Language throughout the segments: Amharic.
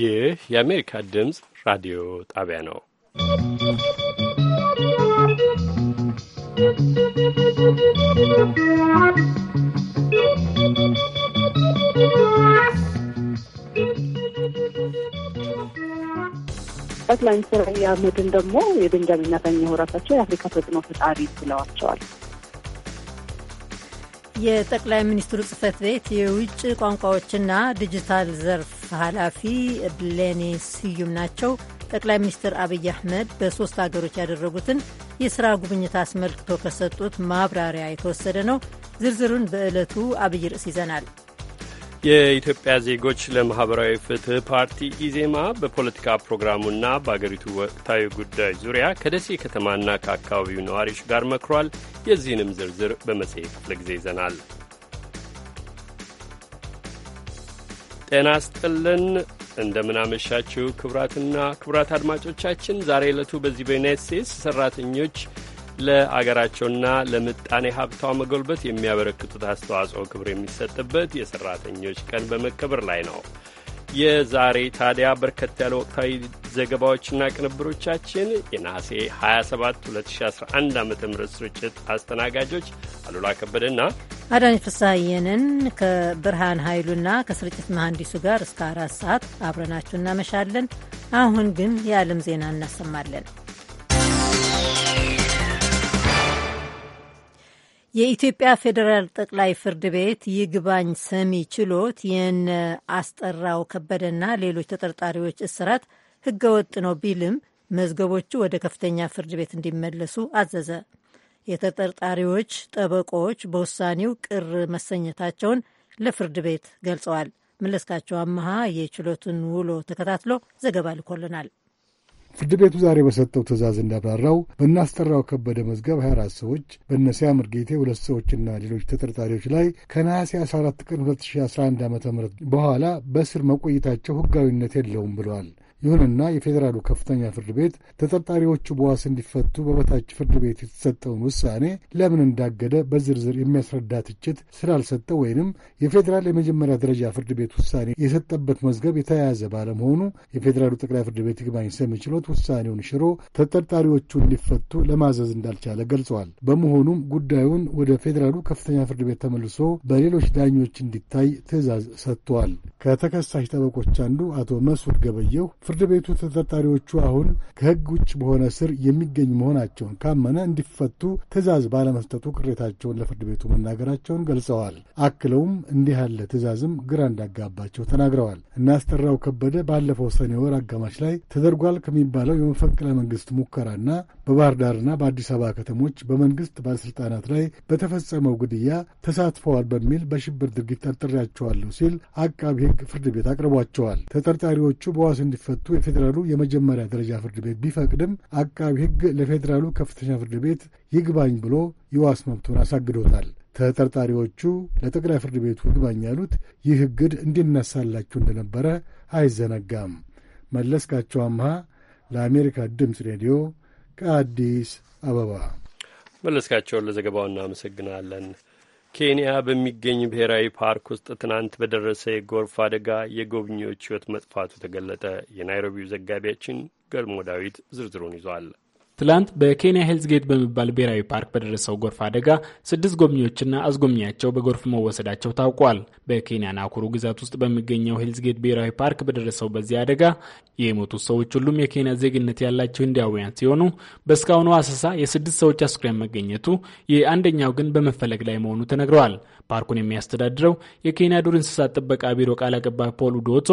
ይህ የአሜሪካ ድምፅ ራዲዮ ጣቢያ ነው። ጠቅላይ ሚኒስትር አብይ አህመድን ደግሞ የቤንጃሚን ኔታንያሁ ራሳቸው የአፍሪካ ተጽዕኖ ፈጣሪ ብለዋቸዋል። የጠቅላይ ሚኒስትሩ ጽህፈት ቤት የውጭ ቋንቋዎችና ዲጂታል ዘርፍ ኃላፊ ብሌኔ ስዩም ናቸው። ጠቅላይ ሚኒስትር አብይ አህመድ በሶስት አገሮች ያደረጉትን የሥራ ጉብኝት አስመልክቶ ከሰጡት ማብራሪያ የተወሰደ ነው። ዝርዝሩን በዕለቱ አብይ ርዕስ ይዘናል። የኢትዮጵያ ዜጎች ለማህበራዊ ፍትህ ፓርቲ ኢዜማ በፖለቲካ ፕሮግራሙና በአገሪቱ ወቅታዊ ጉዳዮች ዙሪያ ከደሴ ከተማና ከአካባቢው ነዋሪዎች ጋር መክሯል። የዚህንም ዝርዝር በመጽሔት ክፍለ ጊዜ ይዘናል። ጤና ስጥልን። እንደምናመሻችው ክቡራትና ክቡራት አድማጮቻችን ዛሬ ዕለቱ በዚህ በዩናይት ስቴትስ ሰራተኞች ለአገራቸውና ለምጣኔ ሀብቷ መጎልበት የሚያበረክቱት አስተዋጽኦ ክብር የሚሰጥበት የሰራተኞች ቀን በመከበር ላይ ነው። የዛሬ ታዲያ በርከት ያለ ወቅታዊ ዘገባዎችና ቅንብሮቻችን የነሐሴ 27 2011 ዓ ም ስርጭት አስተናጋጆች አሉላ ከበደና አዳኝ ፍሳሐየንን ከብርሃን ኃይሉና ከስርጭት መሐንዲሱ ጋር እስከ አራት ሰዓት አብረናችሁ እናመሻለን። አሁን ግን የዓለም ዜና እናሰማለን። የኢትዮጵያ ፌዴራል ጠቅላይ ፍርድ ቤት ይግባኝ ሰሚ ችሎት የነ አስጠራው ከበደና ሌሎች ተጠርጣሪዎች እስራት ህገወጥ ነው ቢልም መዝገቦቹ ወደ ከፍተኛ ፍርድ ቤት እንዲመለሱ አዘዘ። የተጠርጣሪዎች ጠበቆች በውሳኔው ቅር መሰኘታቸውን ለፍርድ ቤት ገልጸዋል። መለስካቸው አመሃ የችሎቱን ውሎ ተከታትሎ ዘገባ ልኮልናል። ፍርድ ቤቱ ዛሬ በሰጠው ትእዛዝ እንዳብራራው በናስጠራው ከበደ መዝገብ 24 ሰዎች በነሲያ ምርጌቴ ሁለት ሰዎችና ሌሎች ተጠርጣሪዎች ላይ ከነሐሴ 14 ቀን 2011 ዓ ም በኋላ በእስር መቆየታቸው ህጋዊነት የለውም ብለዋል። ይሁንና የፌዴራሉ ከፍተኛ ፍርድ ቤት ተጠርጣሪዎቹ በዋስ እንዲፈቱ በበታች ፍርድ ቤት የተሰጠውን ውሳኔ ለምን እንዳገደ በዝርዝር የሚያስረዳ ትችት ስላልሰጠ ወይንም የፌዴራል የመጀመሪያ ደረጃ ፍርድ ቤት ውሳኔ የሰጠበት መዝገብ የተያያዘ ባለመሆኑ የፌዴራሉ ጠቅላይ ፍርድ ቤት ይግባኝ ሰሚ ችሎት ውሳኔውን ሽሮ ተጠርጣሪዎቹ እንዲፈቱ ለማዘዝ እንዳልቻለ ገልጸዋል። በመሆኑም ጉዳዩን ወደ ፌዴራሉ ከፍተኛ ፍርድ ቤት ተመልሶ በሌሎች ዳኞች እንዲታይ ትዕዛዝ ሰጥቷል። ከተከሳሽ ጠበቆች አንዱ አቶ መስዑድ ገበየሁ ፍርድ ቤቱ ተጠርጣሪዎቹ አሁን ከሕግ ውጭ በሆነ ስር የሚገኝ መሆናቸውን ካመነ እንዲፈቱ ትዕዛዝ ባለመስጠቱ ቅሬታቸውን ለፍርድ ቤቱ መናገራቸውን ገልጸዋል። አክለውም እንዲህ ያለ ትዕዛዝም ግራ እንዳጋባቸው ተናግረዋል። እናስጠራው ከበደ ባለፈው ሰኔ ወር አጋማሽ ላይ ተደርጓል ከሚባለው የመፈንቅለ መንግስት ሙከራና በባህር ዳርና በአዲስ አበባ ከተሞች በመንግስት ባለሥልጣናት ላይ በተፈጸመው ግድያ ተሳትፈዋል በሚል በሽብር ድርጊት ጠርጥሬያቸዋለሁ ሲል አቃቢ ሕግ ፍርድ ቤት አቅርቧቸዋል። ተጠርጣሪዎቹ በዋስ እንዲፈቱ ሁለቱ የፌዴራሉ የመጀመሪያ ደረጃ ፍርድ ቤት ቢፈቅድም አቃቢ ሕግ ለፌዴራሉ ከፍተኛ ፍርድ ቤት ይግባኝ ብሎ የዋስ መብቱን አሳግዶታል። ተጠርጣሪዎቹ ለጠቅላይ ፍርድ ቤቱ ይግባኝ ያሉት ይህ እግድ እንዲነሳላችሁ እንደነበረ አይዘነጋም። መለስካቸው አምሃ ለአሜሪካ ድምፅ ሬዲዮ ከአዲስ አበባ መለስካቸውን ለዘገባው እናመሰግናለን። ኬንያ በሚገኝ ብሔራዊ ፓርክ ውስጥ ትናንት በደረሰ የጎርፍ አደጋ የጎብኚዎች ሕይወት መጥፋቱ ተገለጠ። የናይሮቢው ዘጋቢያችን ገልሞ ዳዊት ዝርዝሩን ይዟል። ትላንት በኬንያ ሄልዝ ጌት በሚባል ብሔራዊ ፓርክ በደረሰው ጎርፍ አደጋ ስድስት ጎብኚዎችና አስጎብኚያቸው በጎርፍ መወሰዳቸው ታውቋል። በኬንያ ናኩሩ ግዛት ውስጥ በሚገኘው ሄልዝ ጌት ብሔራዊ ፓርክ በደረሰው በዚህ አደጋ የሞቱት ሰዎች ሁሉም የኬንያ ዜግነት ያላቸው ህንዳውያን ሲሆኑ በእስካሁኑ አሰሳ የስድስት ሰዎች አስክሬን መገኘቱ፣ የአንደኛው ግን በመፈለግ ላይ መሆኑ ተነግረዋል። ፓርኩን የሚያስተዳድረው የኬንያ ዱር እንስሳት ጥበቃ ቢሮ ቃል አቀባይ ፖል ዶቶ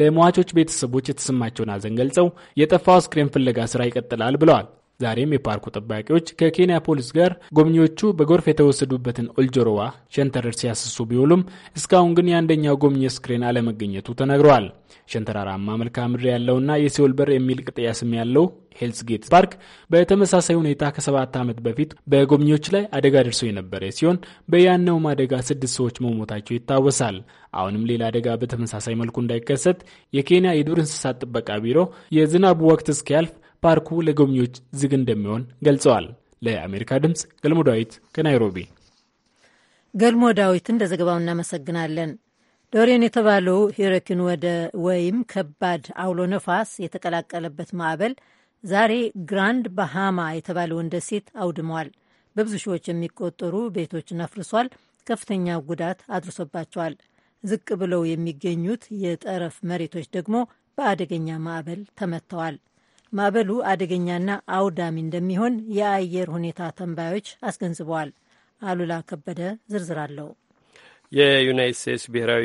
ለሟቾች ቤተሰቦች የተሰማቸውን አዘን ገልጸው የጠፋው አስክሬን ፍለጋ ስራ ይቀጥላል ብለዋል። ዛሬም የፓርኩ ጠባቂዎች ከኬንያ ፖሊስ ጋር ጎብኚዎቹ በጎርፍ የተወሰዱበትን ኦልጆሮዋ ሸንተረር ሲያስሱ ቢውሉም እስካሁን ግን የአንደኛው ጎብኚ ስክሬን አለመገኘቱ ተነግረዋል። ሸንተራራማ መልክዓ ምድር ያለውና የሲኦል በር የሚል ቅጥያ ስም ያለው ሄልስ ጌት ፓርክ በተመሳሳይ ሁኔታ ከሰባት ዓመት በፊት በጎብኚዎች ላይ አደጋ ደርሶ የነበረ ሲሆን በያነውም አደጋ ስድስት ሰዎች መሞታቸው ይታወሳል። አሁንም ሌላ አደጋ በተመሳሳይ መልኩ እንዳይከሰት የኬንያ የዱር እንስሳት ጥበቃ ቢሮ የዝናቡ ወቅት እስኪያልፍ ፓርኩ ለጎብኚዎች ዝግ እንደሚሆን ገልጸዋል። ለአሜሪካ ድምፅ ገልሞ ዳዊት ከናይሮቢ። ገልሞ እንደ ዘገባው እናመሰግናለን። ዶሬን የተባለው ሂረኪን ወደ ወይም ከባድ አውሎ ነፋስ የተቀላቀለበት ማዕበል ዛሬ ግራንድ ባሃማ የተባለውን ደሴት አውድመዋል። በብዙ ሺዎች የሚቆጠሩ ቤቶችን አፍርሷል። ከፍተኛ ጉዳት አድርሶባቸዋል። ዝቅ ብለው የሚገኙት የጠረፍ መሬቶች ደግሞ በአደገኛ ማዕበል ተመትተዋል። ማዕበሉ አደገኛና አውዳሚ እንደሚሆን የአየር ሁኔታ ተንባዮች አስገንዝበዋል። አሉላ ከበደ ዝርዝር አለው። የዩናይት ስቴትስ ብሔራዊ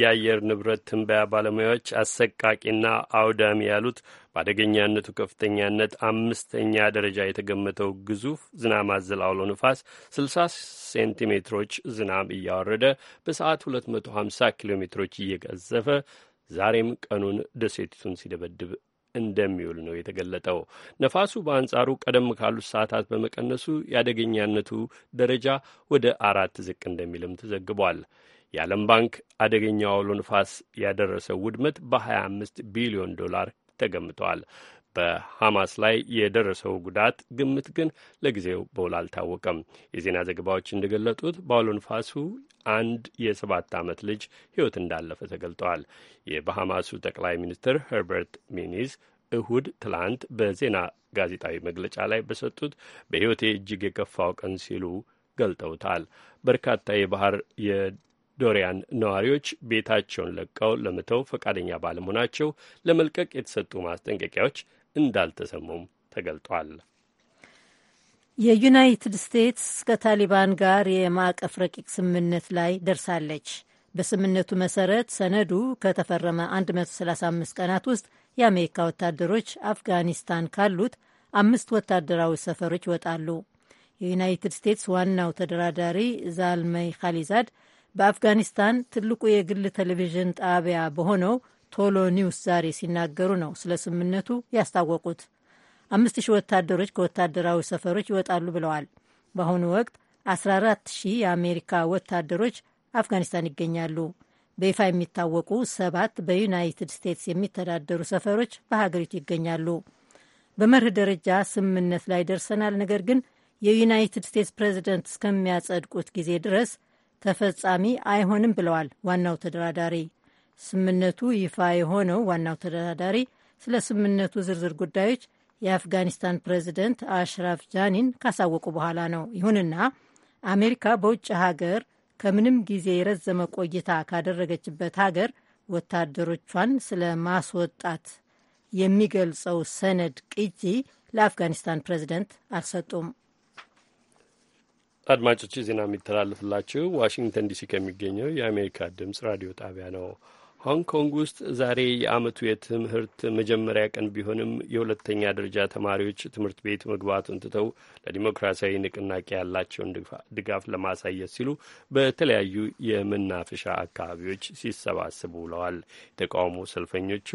የአየር ንብረት ትንበያ ባለሙያዎች አሰቃቂና አውዳሚ ያሉት በአደገኛነቱ ከፍተኛነት አምስተኛ ደረጃ የተገመተው ግዙፍ ዝናብ አዘል አውሎ ንፋስ 60 ሴንቲሜትሮች ዝናብ እያወረደ በሰዓት 250 ኪሎ ሜትሮች እየቀዘፈ ዛሬም ቀኑን ደሴቲቱን ሲደበድብ እንደሚውል ነው የተገለጠው። ነፋሱ በአንጻሩ ቀደም ካሉት ሰዓታት በመቀነሱ የአደገኛነቱ ደረጃ ወደ አራት ዝቅ እንደሚልም ተዘግቧል። የዓለም ባንክ አደገኛው አውሎ ንፋስ ያደረሰው ውድመት በ25 ቢሊዮን ዶላር ተገምተዋል። በሐማስ ላይ የደረሰው ጉዳት ግምት ግን ለጊዜው በውል አልታወቀም። የዜና ዘገባዎች እንደገለጡት በአውሎ ንፋሱ አንድ የሰባት ዓመት ልጅ ሕይወት እንዳለፈ ተገልጠዋል። የባሐማሱ ጠቅላይ ሚኒስትር ሄርበርት ሚኒዝ እሁድ ትላንት በዜና ጋዜጣዊ መግለጫ ላይ በሰጡት በሕይወቴ እጅግ የከፋው ቀን ሲሉ ገልጠውታል። በርካታ የባህር የዶሪያን ነዋሪዎች ቤታቸውን ለቀው ለመተው ፈቃደኛ ባለመሆናቸው ለመልቀቅ የተሰጡ ማስጠንቀቂያዎች እንዳልተሰሙም ተገልጧል። የዩናይትድ ስቴትስ ከታሊባን ጋር የማዕቀፍ ረቂቅ ስምምነት ላይ ደርሳለች። በስምምነቱ መሰረት ሰነዱ ከተፈረመ 135 ቀናት ውስጥ የአሜሪካ ወታደሮች አፍጋኒስታን ካሉት አምስት ወታደራዊ ሰፈሮች ይወጣሉ። የዩናይትድ ስቴትስ ዋናው ተደራዳሪ ዛልመይ ካሊዛድ በአፍጋኒስታን ትልቁ የግል ቴሌቪዥን ጣቢያ በሆነው ቶሎ ኒውስ ዛሬ ሲናገሩ ነው ስለ ስምምነቱ ያስታወቁት። አምስት ሺህ ወታደሮች ከወታደራዊ ሰፈሮች ይወጣሉ ብለዋል። በአሁኑ ወቅት 14 ሺህ የአሜሪካ ወታደሮች አፍጋኒስታን ይገኛሉ። በይፋ የሚታወቁ ሰባት በዩናይትድ ስቴትስ የሚተዳደሩ ሰፈሮች በሀገሪቱ ይገኛሉ። በመርህ ደረጃ ስምምነት ላይ ደርሰናል፣ ነገር ግን የዩናይትድ ስቴትስ ፕሬዚደንት እስከሚያጸድቁት ጊዜ ድረስ ተፈጻሚ አይሆንም ብለዋል ዋናው ተደራዳሪ ስምነቱ ይፋ የሆነው ዋናው ተደራዳሪ ስለ ስምነቱ ዝርዝር ጉዳዮች የአፍጋኒስታን ፕሬዚደንት አሽራፍ ጃኒን ካሳወቁ በኋላ ነው። ይሁንና አሜሪካ በውጭ ሀገር ከምንም ጊዜ የረዘመ ቆይታ ካደረገችበት ሀገር ወታደሮቿን ስለ ማስወጣት የሚገልጸው ሰነድ ቅጂ ለአፍጋኒስታን ፕሬዚደንት አልሰጡም። አድማጮች ዜና የሚተላለፍላችሁ ዋሽንግተን ዲሲ ከሚገኘው የአሜሪካ ድምጽ ራዲዮ ጣቢያ ነው። ሆንግ ኮንግ ውስጥ ዛሬ የዓመቱ የትምህርት መጀመሪያ ቀን ቢሆንም የሁለተኛ ደረጃ ተማሪዎች ትምህርት ቤት መግባቱን ትተው ለዲሞክራሲያዊ ንቅናቄ ያላቸውን ድጋፍ ለማሳየት ሲሉ በተለያዩ የመናፈሻ አካባቢዎች ሲሰባሰቡ ውለዋል። የተቃውሞ ሰልፈኞቹ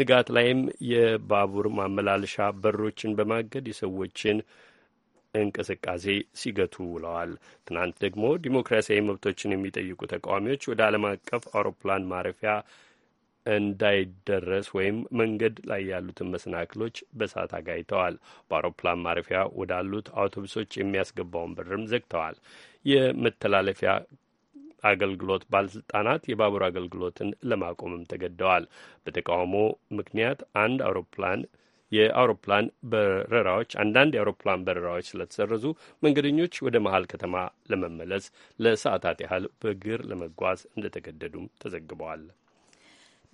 ንጋት ላይም የባቡር ማመላለሻ በሮችን በማገድ የሰዎችን እንቅስቃሴ ሲገቱ ውለዋል። ትናንት ደግሞ ዲሞክራሲያዊ መብቶችን የሚጠይቁ ተቃዋሚዎች ወደ ዓለም አቀፍ አውሮፕላን ማረፊያ እንዳይደረስ ወይም መንገድ ላይ ያሉትን መሰናክሎች በእሳት አጋይተዋል። በአውሮፕላን ማረፊያ ወዳሉት አውቶቡሶች የሚያስገባውን በርም ዘግተዋል። የመተላለፊያ አገልግሎት ባለስልጣናት የባቡር አገልግሎትን ለማቆምም ተገደዋል። በተቃውሞ ምክንያት አንድ አውሮፕላን የአውሮፕላን በረራዎች አንዳንድ የአውሮፕላን በረራዎች ስለተሰረዙ መንገደኞች ወደ መሀል ከተማ ለመመለስ ለሰዓታት ያህል በእግር ለመጓዝ እንደተገደዱም ተዘግበዋል።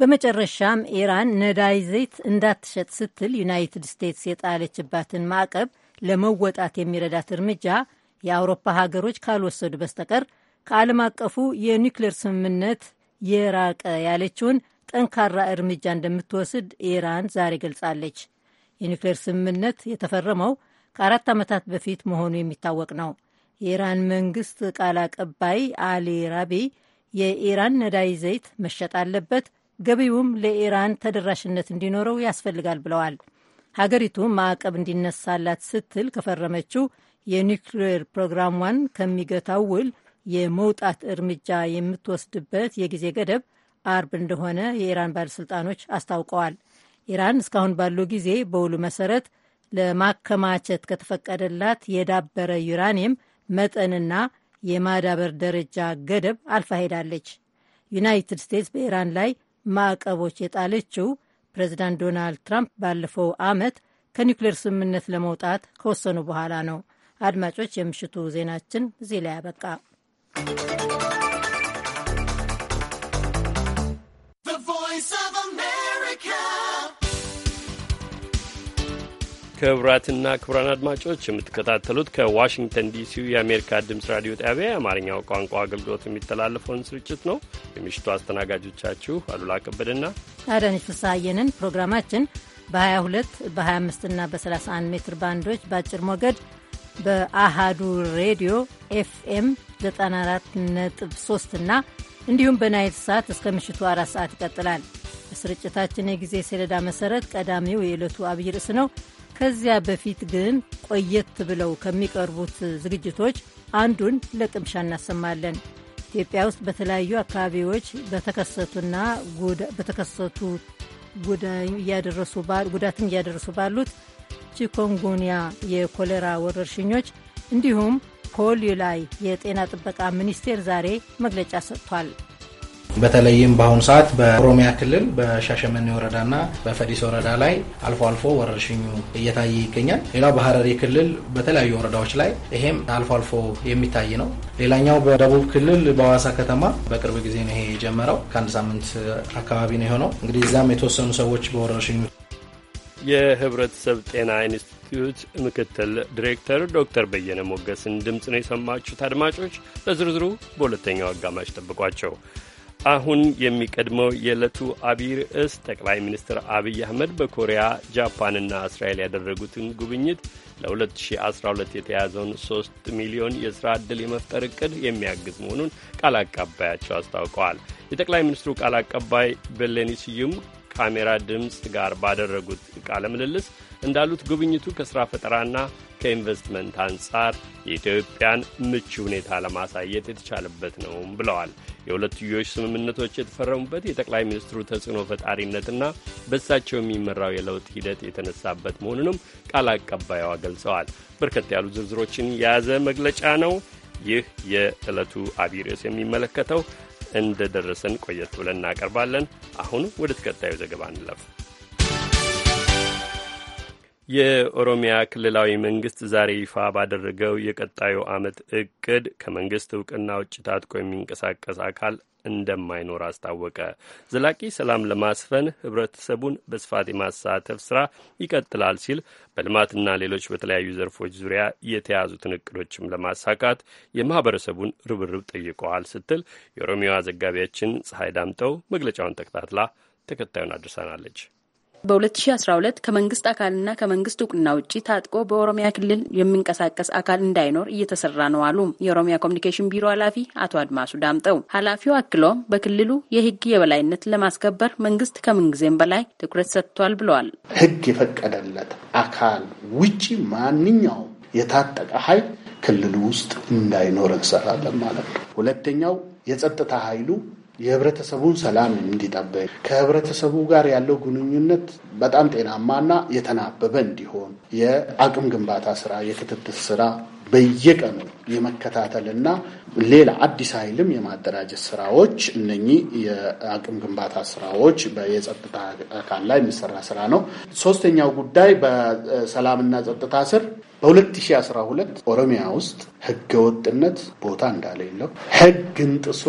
በመጨረሻም ኢራን ነዳይ ዘይት እንዳትሸጥ ስትል ዩናይትድ ስቴትስ የጣለችባትን ማዕቀብ ለመወጣት የሚረዳት እርምጃ የአውሮፓ ሀገሮች ካልወሰዱ በስተቀር ከዓለም አቀፉ የኒውክሌር ስምምነት የራቀ ያለችውን ጠንካራ እርምጃ እንደምትወስድ ኢራን ዛሬ ገልጻለች። የኒውክሌር ስምምነት የተፈረመው ከአራት ዓመታት በፊት መሆኑ የሚታወቅ ነው። የኢራን መንግስት ቃል አቀባይ አሊ ራቢ የኢራን ነዳጅ ዘይት መሸጥ አለበት፣ ገቢውም ለኢራን ተደራሽነት እንዲኖረው ያስፈልጋል ብለዋል። ሀገሪቱ ማዕቀብ እንዲነሳላት ስትል ከፈረመችው የኒውክሌር ፕሮግራሟን ከሚገታው ውል የመውጣት እርምጃ የምትወስድበት የጊዜ ገደብ አርብ እንደሆነ የኢራን ባለሥልጣኖች አስታውቀዋል። ኢራን እስካሁን ባለው ጊዜ በውሉ መሰረት ለማከማቸት ከተፈቀደላት የዳበረ ዩራኒየም መጠንና የማዳበር ደረጃ ገደብ አልፋ ሄዳለች። ዩናይትድ ስቴትስ በኢራን ላይ ማዕቀቦች የጣለችው ፕሬዚዳንት ዶናልድ ትራምፕ ባለፈው ዓመት ከኒውክሌር ስምምነት ለመውጣት ከወሰኑ በኋላ ነው። አድማጮች፣ የምሽቱ ዜናችን እዚህ ላይ ያበቃ። ክቡራትና ክቡራን አድማጮች የምትከታተሉት ከዋሽንግተን ዲሲው የአሜሪካ ድምፅ ራዲዮ ጣቢያ የአማርኛው ቋንቋ አገልግሎት የሚተላለፈውን ስርጭት ነው። የምሽቱ አስተናጋጆቻችሁ አሉላ ከበደና አዳነች ፍስሐየንን። ፕሮግራማችን በ22 በ25ና በ31 ሜትር ባንዶች በአጭር ሞገድ በአሃዱ ሬዲዮ ኤፍኤም 94.3 እና እንዲሁም በናይል ሰዓት እስከ ምሽቱ አራት ሰዓት ይቀጥላል። በስርጭታችን የጊዜ ሰሌዳ መሰረት ቀዳሚው የዕለቱ አብይ ርዕስ ነው። ከዚያ በፊት ግን ቆየት ብለው ከሚቀርቡት ዝግጅቶች አንዱን ለቅምሻ እናሰማለን። ኢትዮጵያ ውስጥ በተለያዩ አካባቢዎች በተከሰቱና በተከሰቱ ጉዳትም እያደረሱ ባሉት ቺኮንጎንያ የኮሌራ ወረርሽኞች እንዲሁም ፖሊዮ ላይ የጤና ጥበቃ ሚኒስቴር ዛሬ መግለጫ ሰጥቷል። በተለይም በአሁኑ ሰዓት በኦሮሚያ ክልል በሻሸመኔ ወረዳና በፈዲስ ወረዳ ላይ አልፎ አልፎ ወረርሽኙ እየታየ ይገኛል። ሌላው በሀረሪ ክልል በተለያዩ ወረዳዎች ላይ ይሄም አልፎ አልፎ የሚታይ ነው። ሌላኛው በደቡብ ክልል በሀዋሳ ከተማ በቅርብ ጊዜ ነው ይሄ የጀመረው። ከአንድ ሳምንት አካባቢ ነው የሆነው። እንግዲህ እዚያም የተወሰኑ ሰዎች በወረርሽኙ የህብረተሰብ ጤና ኢንስቲትዩት ምክትል ዲሬክተር ዶክተር በየነ ሞገስን ድምፅ ነው የሰማችሁት። አድማጮች ለዝርዝሩ በሁለተኛው አጋማሽ ጠብቋቸው። አሁን የሚቀድመው የዕለቱ አብይ ርዕስ ጠቅላይ ሚኒስትር አብይ አህመድ በኮሪያ ጃፓንና እስራኤል ያደረጉትን ጉብኝት ለ2012 የተያዘውን 3 ሚሊዮን የሥራ ዕድል የመፍጠር ዕቅድ የሚያግዝ መሆኑን ቃል አቀባያቸው አስታውቀዋል። የጠቅላይ ሚኒስትሩ ቃል አቀባይ በሌኒ ስዩም ካሜራ ድምፅ ጋር ባደረጉት ቃለ ምልልስ እንዳሉት ጉብኝቱ ከሥራ ፈጠራና ከኢንቨስትመንት አንጻር የኢትዮጵያን ምቹ ሁኔታ ለማሳየት የተቻለበት ነውም ብለዋል። የሁለትዮሽ ስምምነቶች የተፈረሙበት የጠቅላይ ሚኒስትሩ ተጽዕኖ ፈጣሪነትና በሳቸው የሚመራው የለውጥ ሂደት የተነሳበት መሆኑንም ቃል አቀባይዋ ገልጸዋል። በርከት ያሉ ዝርዝሮችን የያዘ መግለጫ ነው። ይህ የዕለቱ አብይ ርዕስ የሚመለከተው እንደደረሰን ቆየት ብለን እናቀርባለን። አሁን ወደ ተከታዩ ዘገባ እንለፍ። የኦሮሚያ ክልላዊ መንግስት ዛሬ ይፋ ባደረገው የቀጣዩ ዓመት እቅድ ከመንግስት እውቅና ውጭ ታጥቆ የሚንቀሳቀስ አካል እንደማይኖር አስታወቀ። ዘላቂ ሰላም ለማስፈን ህብረተሰቡን በስፋት የማሳተፍ ስራ ይቀጥላል ሲል በልማትና ሌሎች በተለያዩ ዘርፎች ዙሪያ የተያዙትን እቅዶችም ለማሳካት የማህበረሰቡን ርብርብ ጠይቀዋል ስትል የኦሮሚያዋ ዘጋቢያችን ፀሐይ ዳምጠው መግለጫውን ተከታትላ ተከታዩን አድርሳናለች። በ2012 ከመንግስት አካልና ከመንግስት እውቅና ውጭ ታጥቆ በኦሮሚያ ክልል የሚንቀሳቀስ አካል እንዳይኖር እየተሰራ ነው አሉ የኦሮሚያ ኮሚኒኬሽን ቢሮ ኃላፊ አቶ አድማሱ ዳምጠው። ኃላፊው አክለውም በክልሉ የህግ የበላይነት ለማስከበር መንግስት ከምንጊዜም በላይ ትኩረት ሰጥቷል ብለዋል። ህግ የፈቀደለት አካል ውጭ ማንኛውም የታጠቀ ኃይል ክልሉ ውስጥ እንዳይኖር እንሰራለን ማለት ነው። ሁለተኛው የጸጥታ ኃይሉ የህብረተሰቡን ሰላም እንዲጠብቅ ከህብረተሰቡ ጋር ያለው ግንኙነት በጣም ጤናማና የተናበበ እንዲሆን የአቅም ግንባታ ስራ፣ የክትትል ስራ በየቀኑ የመከታተልና ሌላ አዲስ ኃይልም የማደራጀት ስራዎች እነኚህ የአቅም ግንባታ ስራዎች የጸጥታ አካል ላይ የሚሰራ ስራ ነው። ሶስተኛው ጉዳይ በሰላምና ጸጥታ ስር በ2012 ኦሮሚያ ውስጥ ህገወጥነት ቦታ እንዳሌለው ህግን ጥሶ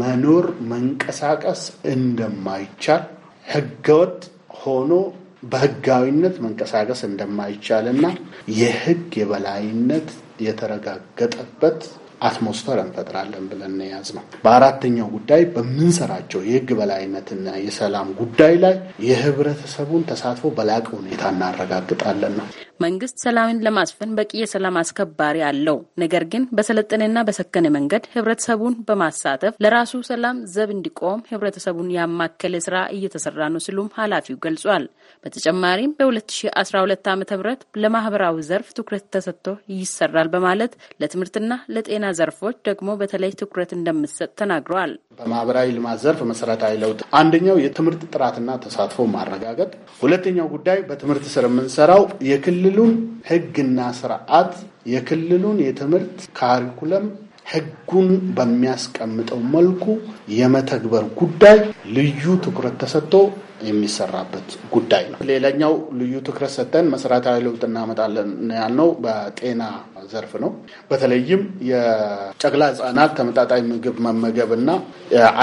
መኖር መንቀሳቀስ እንደማይቻል ህገወጥ ሆኖ በህጋዊነት መንቀሳቀስ እንደማይቻልና የህግ የበላይነት የተረጋገጠበት አትሞስፈር እንፈጥራለን ብለን የያዝ ነው። በአራተኛው ጉዳይ በምንሰራቸው የህግ በላይነትና የሰላም ጉዳይ ላይ የህብረተሰቡን ተሳትፎ በላቀ ሁኔታ እናረጋግጣለን ነው። መንግስት ሰላምን ለማስፈን በቂ የሰላም አስከባሪ አለው። ነገር ግን በሰለጠነና በሰከነ መንገድ ህብረተሰቡን በማሳተፍ ለራሱ ሰላም ዘብ እንዲቆም ህብረተሰቡን ያማከለ ስራ እየተሰራ ነው ሲሉም ኃላፊው ገልጿል። በተጨማሪም በ2012 ዓ ም ለማህበራዊ ዘርፍ ትኩረት ተሰጥቶ ይሰራል በማለት ለትምህርትና ለጤና ዘርፎች ደግሞ በተለይ ትኩረት እንደምትሰጥ ተናግረዋል። በማህበራዊ ልማት ዘርፍ መሰረታዊ ለውጥ አንደኛው የትምህርት ጥራትና ተሳትፎ ማረጋገጥ፣ ሁለተኛው ጉዳይ በትምህርት ስር የምንሰራው የክልሉን ህግና ስርዓት የክልሉን የትምህርት ካሪኩለም ህጉን በሚያስቀምጠው መልኩ የመተግበር ጉዳይ ልዩ ትኩረት ተሰጥቶ የሚሰራበት ጉዳይ ነው። ሌላኛው ልዩ ትኩረት ሰጥተን መሰረታዊ ለውጥ እናመጣለን ያልነው በጤና ዘርፍ ነው። በተለይም የጨቅላ ህጻናት ተመጣጣኝ ምግብ መመገብና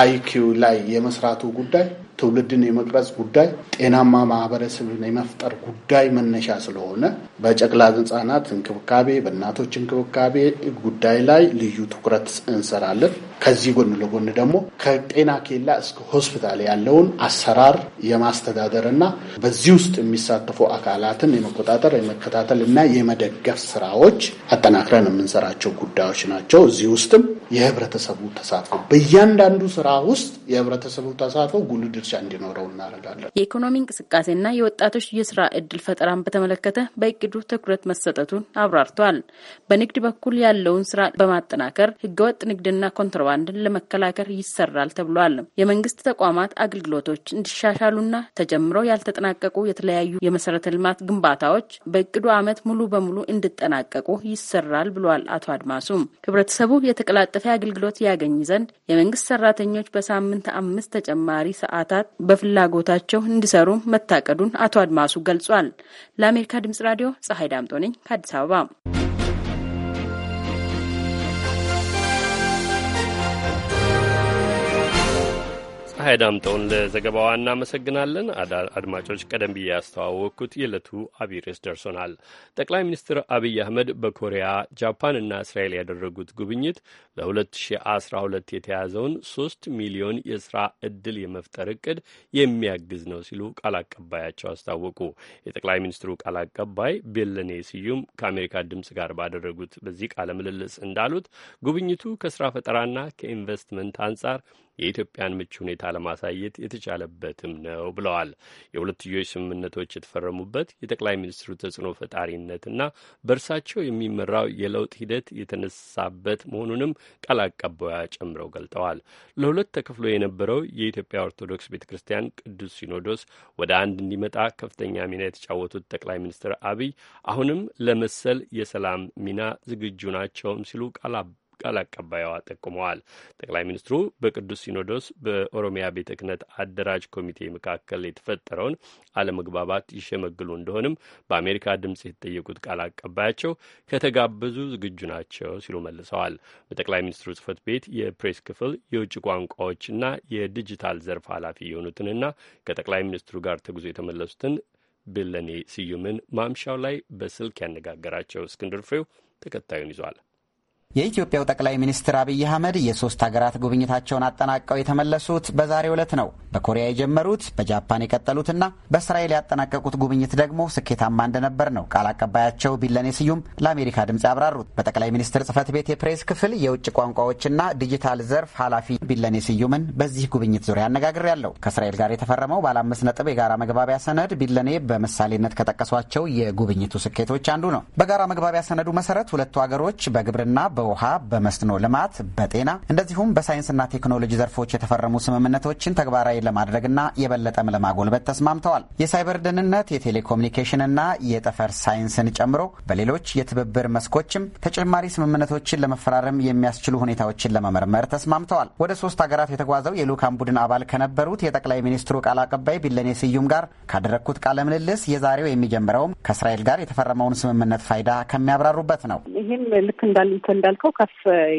አይኪው ላይ የመስራቱ ጉዳይ ትውልድን የመቅረጽ ጉዳይ ጤናማ ማህበረሰብን የመፍጠር ጉዳይ መነሻ ስለሆነ በጨቅላ ህጻናት እንክብካቤ፣ በእናቶች እንክብካቤ ጉዳይ ላይ ልዩ ትኩረት እንሰራለን። ከዚህ ጎን ለጎን ደግሞ ከጤና ኬላ እስከ ሆስፒታል ያለውን አሰራር የማስተዳደር ና በዚህ ውስጥ የሚሳተፉ አካላትን የመቆጣጠር የመከታተል እና የመደገፍ ስራዎች አጠናክረን የምንሰራቸው ጉዳዮች ናቸው። እዚህ ውስጥም የህብረተሰቡ ተሳትፎ በእያንዳንዱ ስራ ውስጥ የህብረተሰቡ ተሳትፎ ጉልህ ድርሻ እንዲኖረው እናደርጋለን። የኢኮኖሚ እንቅስቃሴና የወጣቶች የስራ እድል ፈጠራን በተመለከተ በቂ እቅዱ ትኩረት መሰጠቱን አብራርተዋል። በንግድ በኩል ያለውን ስራ በማጠናከር ህገወጥ ንግድና ኮንትሮባንድን ለመከላከል ይሰራል ተብሏል። የመንግስት ተቋማት አገልግሎቶች እንዲሻሻሉና ተጀምረው ያልተጠናቀቁ የተለያዩ የመሰረተ ልማት ግንባታዎች በእቅዱ ዓመት ሙሉ በሙሉ እንዲጠናቀቁ ይሰራል ብሏል። አቶ አድማሱም ህብረተሰቡ የተቀላጠፈ አገልግሎት ያገኝ ዘንድ የመንግስት ሰራተኞች በሳምንት አምስት ተጨማሪ ሰዓታት በፍላጎታቸው እንዲሰሩ መታቀዱን አቶ አድማሱ ገልጿል። ለአሜሪካ ድምጽ ራዲዮ ፀሐይ ዳምጦ ነኝ ከአዲስ አበባ ፀሐይ ዳምጠውን ለዘገባዋ እናመሰግናለን። አድማጮች፣ ቀደም ብዬ ያስተዋወቅኩት የዕለቱ አብይ ርዕስ ደርሶናል። ጠቅላይ ሚኒስትር አብይ አህመድ በኮሪያ ጃፓንና እስራኤል ያደረጉት ጉብኝት ለ2012 የተያዘውን ሶስት ሚሊዮን የስራ እድል የመፍጠር እቅድ የሚያግዝ ነው ሲሉ ቃል አቀባያቸው አስታወቁ። የጠቅላይ ሚኒስትሩ ቃል አቀባይ ቤለኔ ስዩም ከአሜሪካ ድምፅ ጋር ባደረጉት በዚህ ቃለ ምልልስ እንዳሉት ጉብኝቱ ከስራ ፈጠራና ከኢንቨስትመንት አንጻር የኢትዮጵያን ምቹ ሁኔታ ለማሳየት የተቻለበትም ነው ብለዋል። የሁለትዮሽ ስምምነቶች የተፈረሙበት የጠቅላይ ሚኒስትሩ ተጽዕኖ ፈጣሪነትና በእርሳቸው የሚመራው የለውጥ ሂደት የተነሳበት መሆኑንም ቃል አቀባዩ ጨምረው ገልጠዋል። ለሁለት ተከፍሎ የነበረው የኢትዮጵያ ኦርቶዶክስ ቤተ ክርስቲያን ቅዱስ ሲኖዶስ ወደ አንድ እንዲመጣ ከፍተኛ ሚና የተጫወቱት ጠቅላይ ሚኒስትር አብይ አሁንም ለመሰል የሰላም ሚና ዝግጁ ናቸውም ሲሉ ቃል ቃል አቀባይዋ ጠቁመዋል። ጠቅላይ ሚኒስትሩ በቅዱስ ሲኖዶስ በኦሮሚያ ቤተ ክህነት አደራጅ ኮሚቴ መካከል የተፈጠረውን አለመግባባት ይሸመግሉ እንደሆንም በአሜሪካ ድምፅ የተጠየቁት ቃል አቀባያቸው ከተጋበዙ ዝግጁ ናቸው ሲሉ መልሰዋል። በጠቅላይ ሚኒስትሩ ጽህፈት ቤት የፕሬስ ክፍል የውጭ ቋንቋዎችና የዲጂታል ዘርፍ ኃላፊ የሆኑትንና ከጠቅላይ ሚኒስትሩ ጋር ተጉዞ የተመለሱትን ብለኔ ስዩምን ማምሻው ላይ በስልክ ያነጋገራቸው እስክንድር ፍሬው ተከታዩን ይዟል። የኢትዮጵያው ጠቅላይ ሚኒስትር አብይ አህመድ የሶስት ሀገራት ጉብኝታቸውን አጠናቀው የተመለሱት በዛሬ ዕለት ነው። በኮሪያ የጀመሩት በጃፓን የቀጠሉትና በእስራኤል ያጠናቀቁት ጉብኝት ደግሞ ስኬታማ እንደነበር ነው ቃል አቀባያቸው ቢለኔ ስዩም ለአሜሪካ ድምፅ ያብራሩት። በጠቅላይ ሚኒስትር ጽህፈት ቤት የፕሬስ ክፍል የውጭ ቋንቋዎችና ዲጂታል ዘርፍ ኃላፊ ቢለኔ ስዩምን በዚህ ጉብኝት ዙሪያ ያለው ከእስራኤል ጋር የተፈረመው ባለ አምስት ነጥብ የጋራ መግባቢያ ሰነድ ቢለኔ በምሳሌነት ከጠቀሷቸው የጉብኝቱ ስኬቶች አንዱ ነው። በጋራ መግባቢያ ሰነዱ መሰረት ሁለቱ ሀገሮች በግብርና በውሃ፣ በመስኖ ልማት፣ በጤና እንደዚሁም በሳይንስና ቴክኖሎጂ ዘርፎች የተፈረሙ ስምምነቶችን ተግባራዊ ለማድረግና የበለጠም ለማጎልበት ተስማምተዋል። የሳይበር ደህንነት፣ የቴሌኮሙኒኬሽንና የጠፈር ሳይንስን ጨምሮ በሌሎች የትብብር መስኮችም ተጨማሪ ስምምነቶችን ለመፈራረም የሚያስችሉ ሁኔታዎችን ለመመርመር ተስማምተዋል። ወደ ሶስት ሀገራት የተጓዘው የልዑካን ቡድን አባል ከነበሩት የጠቅላይ ሚኒስትሩ ቃል አቀባይ ቢለኔ ስዩም ጋር ካደረግኩት ቃለ ምልልስ የዛሬው የሚጀምረውም ከእስራኤል ጋር የተፈረመውን ስምምነት ፋይዳ ከሚያብራሩበት ነው። ይህም ልክ እንዳሉት እንዳልከው ከፍ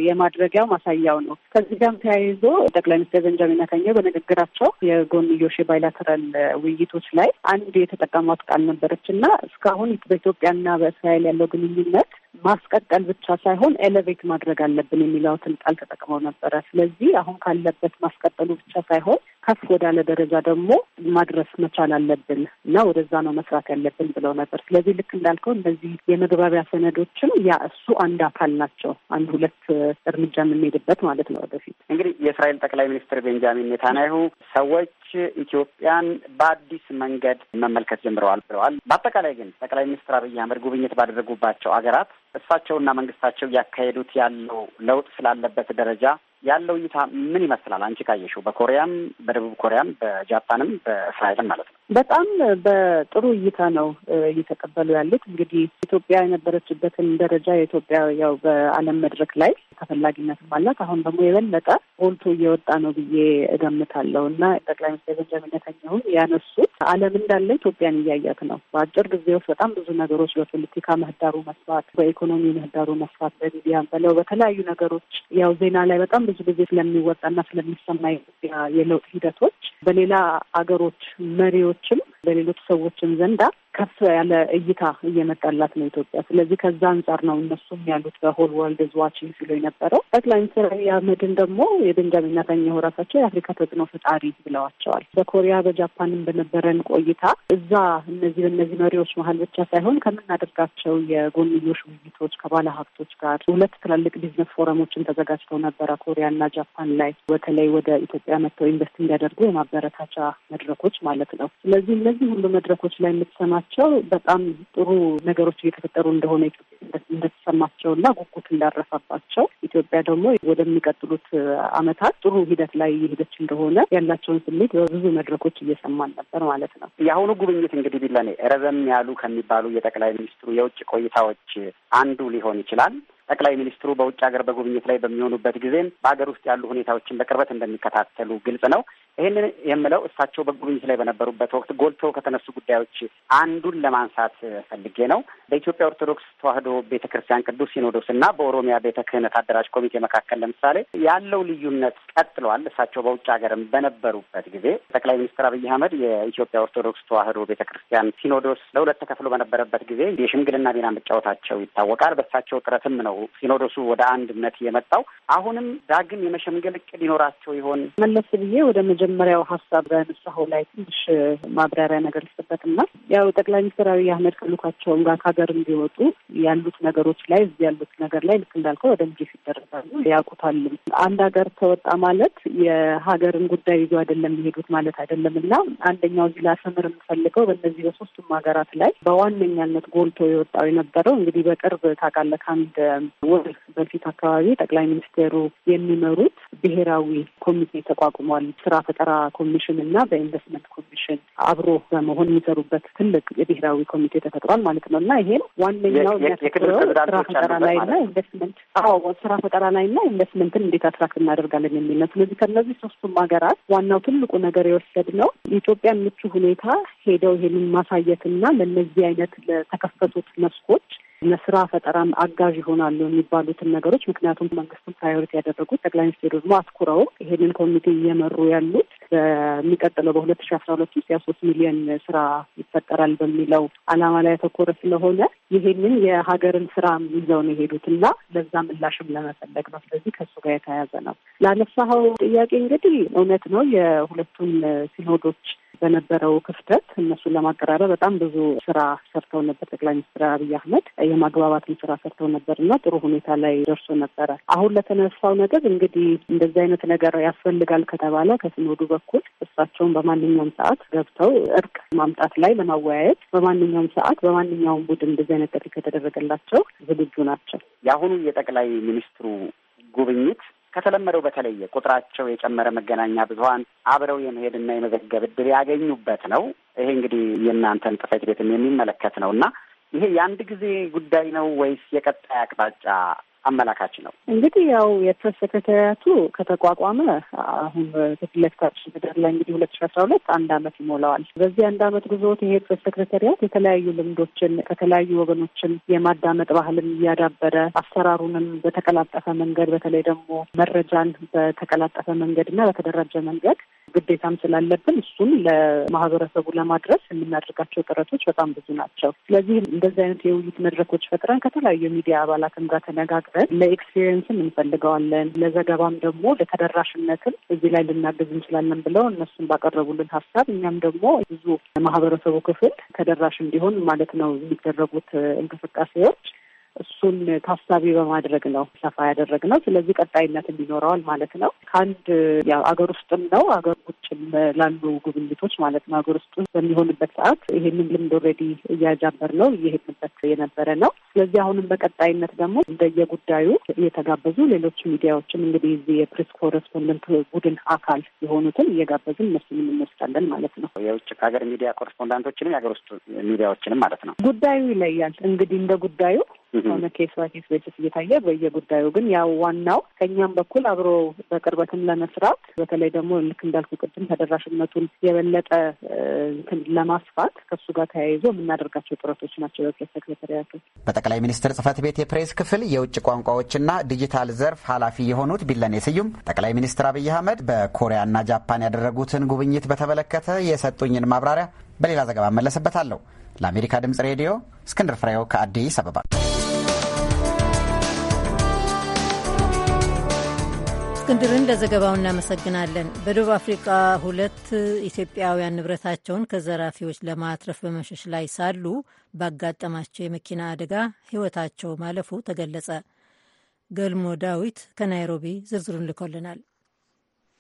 የማድረጊያው ማሳያው ነው። ከዚህ ጋርም ተያይዞ ጠቅላይ ሚኒስትር ቤንጃሚን ኔታንያሁ በንግግራቸው የጎንዮሽ ባይላተራል ውይይቶች ላይ አንድ የተጠቀሟት ቃል ነበረች እና እስካሁን በኢትዮጵያና በእስራኤል ያለው ግንኙነት ማስቀጠል ብቻ ሳይሆን ኤሌቬት ማድረግ አለብን የሚለውትን ቃል ተጠቅመው ነበረ። ስለዚህ አሁን ካለበት ማስቀጠሉ ብቻ ሳይሆን ከፍ ወዳለ ደረጃ ደግሞ ማድረስ መቻል አለብን እና ወደዛ ነው መስራት ያለብን ብለው ነበር። ስለዚህ ልክ እንዳልከው እነዚህ የመግባቢያ ሰነዶችም ያ እሱ አንድ አካል ናቸው። አንድ ሁለት እርምጃ የምንሄድበት ማለት ነው። ወደፊት እንግዲህ የእስራኤል ጠቅላይ ሚኒስትር ቤንጃሚን ኔታንያሁ ሰዎች ኢትዮጵያን በአዲስ መንገድ መመልከት ጀምረዋል ብለዋል። በአጠቃላይ ግን ጠቅላይ ሚኒስትር አብይ አህመድ ጉብኝት ባደረጉባቸው አገራት እሳቸውና መንግስታቸው እያካሄዱት ያለው ለውጥ ስላለበት ደረጃ ያለው እይታ ምን ይመስላል? አንቺ ካየሽው በኮሪያም፣ በደቡብ ኮሪያም፣ በጃፓንም በእስራኤልም ማለት ነው። በጣም በጥሩ እይታ ነው እየተቀበሉ ያሉት። እንግዲህ ኢትዮጵያ የነበረችበትን ደረጃ የኢትዮጵያ ያው በዓለም መድረክ ላይ ተፈላጊነትም አላት። አሁን ደግሞ የበለጠ ጎልቶ እየወጣ ነው ብዬ እገምታለሁ እና ጠቅላይ ሚኒስትር ቤንጃሚን ኔታንያሁን ያነሱት ዓለም እንዳለ ኢትዮጵያን እያያት ነው። በአጭር ጊዜ ውስጥ በጣም ብዙ ነገሮች በፖለቲካ ምህዳሩ መስፋት፣ በኢኮኖሚ ምህዳሩ መስፋት፣ በሚዲያም በለው በተለያዩ ነገሮች ያው ዜና ላይ በጣም ብዙ ጊዜ ስለሚወጣና ስለሚሰማ የለውጥ ሂደቶች በሌላ አገሮች መሪዎችም በሌሎች ሰዎችም ዘንዳ ከፍ ያለ እይታ እየመጣላት ነው ኢትዮጵያ። ስለዚህ ከዛ አንጻር ነው እነሱም ያሉት በሆል ወርልድ ኢዝ ዋችንግ ሲሉ የነበረው። ጠቅላይ ሚኒስትር አብይ አህመድን ደግሞ የቤንጃሚን ኔታንያሁ ራሳቸው የአፍሪካ ተጽዕኖ ፈጣሪ ብለዋቸዋል። በኮሪያ በጃፓንም በነበረን ቆይታ እዛ እነዚህ በእነዚህ መሪዎች መሀል ብቻ ሳይሆን ከምናደርጋቸው የጎንዮሽ ውይይቶች ከባለ ሀብቶች ጋር ሁለት ትላልቅ ቢዝነስ ፎረሞችን ተዘጋጅተው ነበረ ኮሪያ ኮሪያና ጃፓን ላይ በተለይ ወደ ኢትዮጵያ መጥተው ኢንቨስት እንዲያደርጉ የማበረታቻ መድረኮች ማለት ነው። ስለዚህ እነዚህ ሁሉ መድረኮች ላይ የምትሰማ መሆናቸው በጣም ጥሩ ነገሮች እየተፈጠሩ እንደሆነ እንደተሰማቸው እና ጉጉት እንዳረፈባቸው ኢትዮጵያ ደግሞ ወደሚቀጥሉት ዓመታት ጥሩ ሂደት ላይ እየሄደች እንደሆነ ያላቸውን ስሜት በብዙ መድረኮች እየሰማን ነበር ማለት ነው። የአሁኑ ጉብኝት እንግዲህ ቢለኔ ረዘም ያሉ ከሚባሉ የጠቅላይ ሚኒስትሩ የውጭ ቆይታዎች አንዱ ሊሆን ይችላል። ጠቅላይ ሚኒስትሩ በውጭ ሀገር በጉብኝት ላይ በሚሆኑበት ጊዜም በሀገር ውስጥ ያሉ ሁኔታዎችን በቅርበት እንደሚከታተሉ ግልጽ ነው። ይህንን የምለው እሳቸው በጉብኝት ላይ በነበሩበት ወቅት ጎልቶ ከተነሱ ጉዳዮች አንዱን ለማንሳት ፈልጌ ነው። በኢትዮጵያ ኦርቶዶክስ ተዋሕዶ ቤተ ክርስቲያን ቅዱስ ሲኖዶስ እና በኦሮሚያ ቤተ ክህነት አደራጅ ኮሚቴ መካከል ለምሳሌ ያለው ልዩነት ቀጥሏል። እሳቸው በውጭ ሀገርም በነበሩበት ጊዜ ጠቅላይ ሚኒስትር አብይ አህመድ የኢትዮጵያ ኦርቶዶክስ ተዋሕዶ ቤተ ክርስቲያን ሲኖዶስ ለሁለት ተከፍሎ በነበረበት ጊዜ የሽምግልና ሚና መጫወታቸው ይታወቃል። በእሳቸው ጥረትም ነው ነው ሲኖዶሱ ወደ አንድነት የመጣው። አሁንም ዳግም የመሸምገል እቅድ ይኖራቸው ይሆን? መለስ ብዬ ወደ መጀመሪያው ሀሳብ በንስሐው ላይ ትንሽ ማብራሪያ ነገር ልስጥበትና ያው ጠቅላይ ሚኒስትር አብይ አህመድ ከልኡካቸውም ጋር ከሀገር እንዲወጡ ያሉት ነገሮች ላይ እዚህ ያሉት ነገር ላይ ልክ እንዳልከው ወደ ምጌፍ ይደረጋሉ ያውቁታል። አንድ ሀገር ተወጣ ማለት የሀገርን ጉዳይ ይዞ አይደለም የሚሄዱት ማለት አይደለም እና አንደኛው እዚህ ላሰምር የምፈልገው በእነዚህ በሶስቱም ሀገራት ላይ በዋነኛነት ጎልቶ የወጣው የነበረው እንግዲህ በቅርብ ታውቃለህ ከአንድ ወር በፊት አካባቢ ጠቅላይ ሚኒስቴሩ የሚመሩት ብሔራዊ ኮሚቴ ተቋቁሟል። ስራ ፈጠራ ኮሚሽን እና በኢንቨስትመንት ኮሚሽን አብሮ በመሆን የሚሰሩበት ትልቅ የብሔራዊ ኮሚቴ ተፈጥሯል ማለት ነው እና ይሄም ዋነኛው ስራ ፈጠራ ላይ እና ኢንቨስትመንት አዎ ስራ ፈጠራ ላይ እና ኢንቨስትመንትን እንዴት አትራክት እናደርጋለን የሚል ነው። ስለዚህ ከእነዚህ ሶስቱም ሀገራት ዋናው ትልቁ ነገር የወሰድ ነው የኢትዮጵያን ምቹ ሁኔታ ሄደው ይሄንን ማሳየት እና ለእነዚህ አይነት ለተከፈቱት መስኮች ለስራ ፈጠራም አጋዥ ይሆናሉ የሚባሉትን ነገሮች ምክንያቱም መንግስቱን ፕራዮሪቲ ያደረጉት ጠቅላይ ሚኒስትሩ ደግሞ አትኩረው ይሄንን ኮሚቴ እየመሩ ያሉት በሚቀጥለው በሁለት ሺ አስራ ሁለት ውስጥ የሶስት ሚሊዮን ስራ ይፈጠራል በሚለው አላማ ላይ ያተኮረ ስለሆነ ይሄንን የሀገርን ስራ ይዘው ነው የሄዱት እና ለዛ ምላሽም ለመፈለግ ነው። ስለዚህ ከእሱ ጋር የተያያዘ ነው። ላነሳኸው ጥያቄ እንግዲህ እውነት ነው የሁለቱን ሲኖዶች በነበረው ክፍተት እነሱን ለማቀራረብ በጣም ብዙ ስራ ሰርተው ነበር። ጠቅላይ ሚኒስትር አብይ አህመድ የማግባባትን ስራ ሰርተው ነበር እና ጥሩ ሁኔታ ላይ ደርሶ ነበረ። አሁን ለተነሳው ነገር እንግዲህ እንደዚህ አይነት ነገር ያስፈልጋል ከተባለ ከሲኖዱ በኩል እሳቸውን በማንኛውም ሰዓት ገብተው እርቅ ማምጣት ላይ ለማወያየት በማንኛውም ሰዓት በማንኛውም ቡድን እንደዚህ አይነት ጥሪ ከተደረገላቸው ዝግጁ ናቸው። የአሁኑ የጠቅላይ ሚኒስትሩ ጉብኝት ከተለመደው በተለየ ቁጥራቸው የጨመረ መገናኛ ብዙኃን አብረው የመሄድና የመዘገብ እድል ያገኙበት ነው። ይሄ እንግዲህ የእናንተን ጽሕፈት ቤትም የሚመለከት ነው እና ይሄ የአንድ ጊዜ ጉዳይ ነው ወይስ የቀጣይ አቅጣጫ አመላካች ነው። እንግዲህ ያው የፕሬስ ሴክሬታሪያቱ ከተቋቋመ አሁን ከፊት ለፊታችን ላይ እንግዲህ ሁለት ሺ አስራ ሁለት አንድ አመት ይሞላዋል። በዚህ አንድ አመት ጉዞት ይሄ ፕሬስ ሴክሬታሪያት የተለያዩ ልምዶችን ከተለያዩ ወገኖችን የማዳመጥ ባህልን እያዳበረ አሰራሩንም በተቀላጠፈ መንገድ በተለይ ደግሞ መረጃን በተቀላጠፈ መንገድ እና በተደራጀ መንገድ ግዴታም ስላለብን እሱን ለማህበረሰቡ ለማድረስ የምናደርጋቸው ጥረቶች በጣም ብዙ ናቸው። ስለዚህ እንደዚህ አይነት የውይይት መድረኮች ፈጥረን ከተለያዩ የሚዲያ አባላትም ጋር ተነጋግ በማቅረብ ለኤክስፔሪየንስም እንፈልገዋለን፣ ለዘገባም ደግሞ ለተደራሽነትም እዚህ ላይ ልናገዝ እንችላለን ብለው እነሱን ባቀረቡልን ሀሳብ እኛም ደግሞ ብዙ ማህበረሰቡ ክፍል ተደራሽ እንዲሆን ማለት ነው የሚደረጉት እንቅስቃሴዎች እሱ እሱን ታሳቢ በማድረግ ነው ሰፋ ያደረግ ነው። ስለዚህ ቀጣይነት ይኖረዋል ማለት ነው። ከአንድ አገር ውስጥም ነው አገር ውጭም ላሉ ጉብኝቶች ማለት ነው። አገር ውስጥ በሚሆንበት ሰዓት ይሄንን ልምድ ኦልሬዲ እያጃበር ነው እየሄድንበት የነበረ ነው። ስለዚህ አሁንም በቀጣይነት ደግሞ እንደየጉዳዩ እየተጋበዙ ሌሎች ሚዲያዎችም እንግዲህ እዚህ የፕሬስ ኮረስፖንደንት ቡድን አካል የሆኑትን እየጋበዝን እነሱን እንወስዳለን ማለት ነው። የውጭ ከሀገር ሚዲያ ኮረስፖንዳንቶችንም የሀገር ውስጥ ሚዲያዎችንም ማለት ነው። ጉዳዩ ይለያል እንግዲህ እንደ ጉዳዩ ሆነ ኬስ ባኬስ በጭት እየታየ በየጉዳዩ ግን ያው ዋናው ከእኛም በኩል አብሮ በቅርበትም ለመስራት በተለይ ደግሞ ልክ እንዳልኩ ቅድም ተደራሽነቱን የበለጠ ለማስፋት ከሱ ጋር ተያይዞ የምናደርጋቸው ጥረቶች ናቸው። በፕሬስ ሴክሬታሪያቱ በጠቅላይ ሚኒስትር ጽህፈት ቤት የፕሬስ ክፍል የውጭ ቋንቋዎችና ዲጂታል ዘርፍ ኃላፊ የሆኑት ቢለኔ ስዩም ጠቅላይ ሚኒስትር አብይ አህመድ በኮሪያና ጃፓን ያደረጉትን ጉብኝት በተመለከተ የሰጡኝን ማብራሪያ በሌላ ዘገባ እመለስበታለሁ። ለአሜሪካ ድምፅ ሬዲዮ እስክንድር ፍሬው ከአዲስ አበባ እስክንድርን ለዘገባው እናመሰግናለን። በደቡብ አፍሪካ ሁለት ኢትዮጵያውያን ንብረታቸውን ከዘራፊዎች ለማትረፍ በመሸሽ ላይ ሳሉ ባጋጠማቸው የመኪና አደጋ ሕይወታቸው ማለፉ ተገለጸ። ገልሞ ዳዊት ከናይሮቢ ዝርዝሩን ልኮልናል።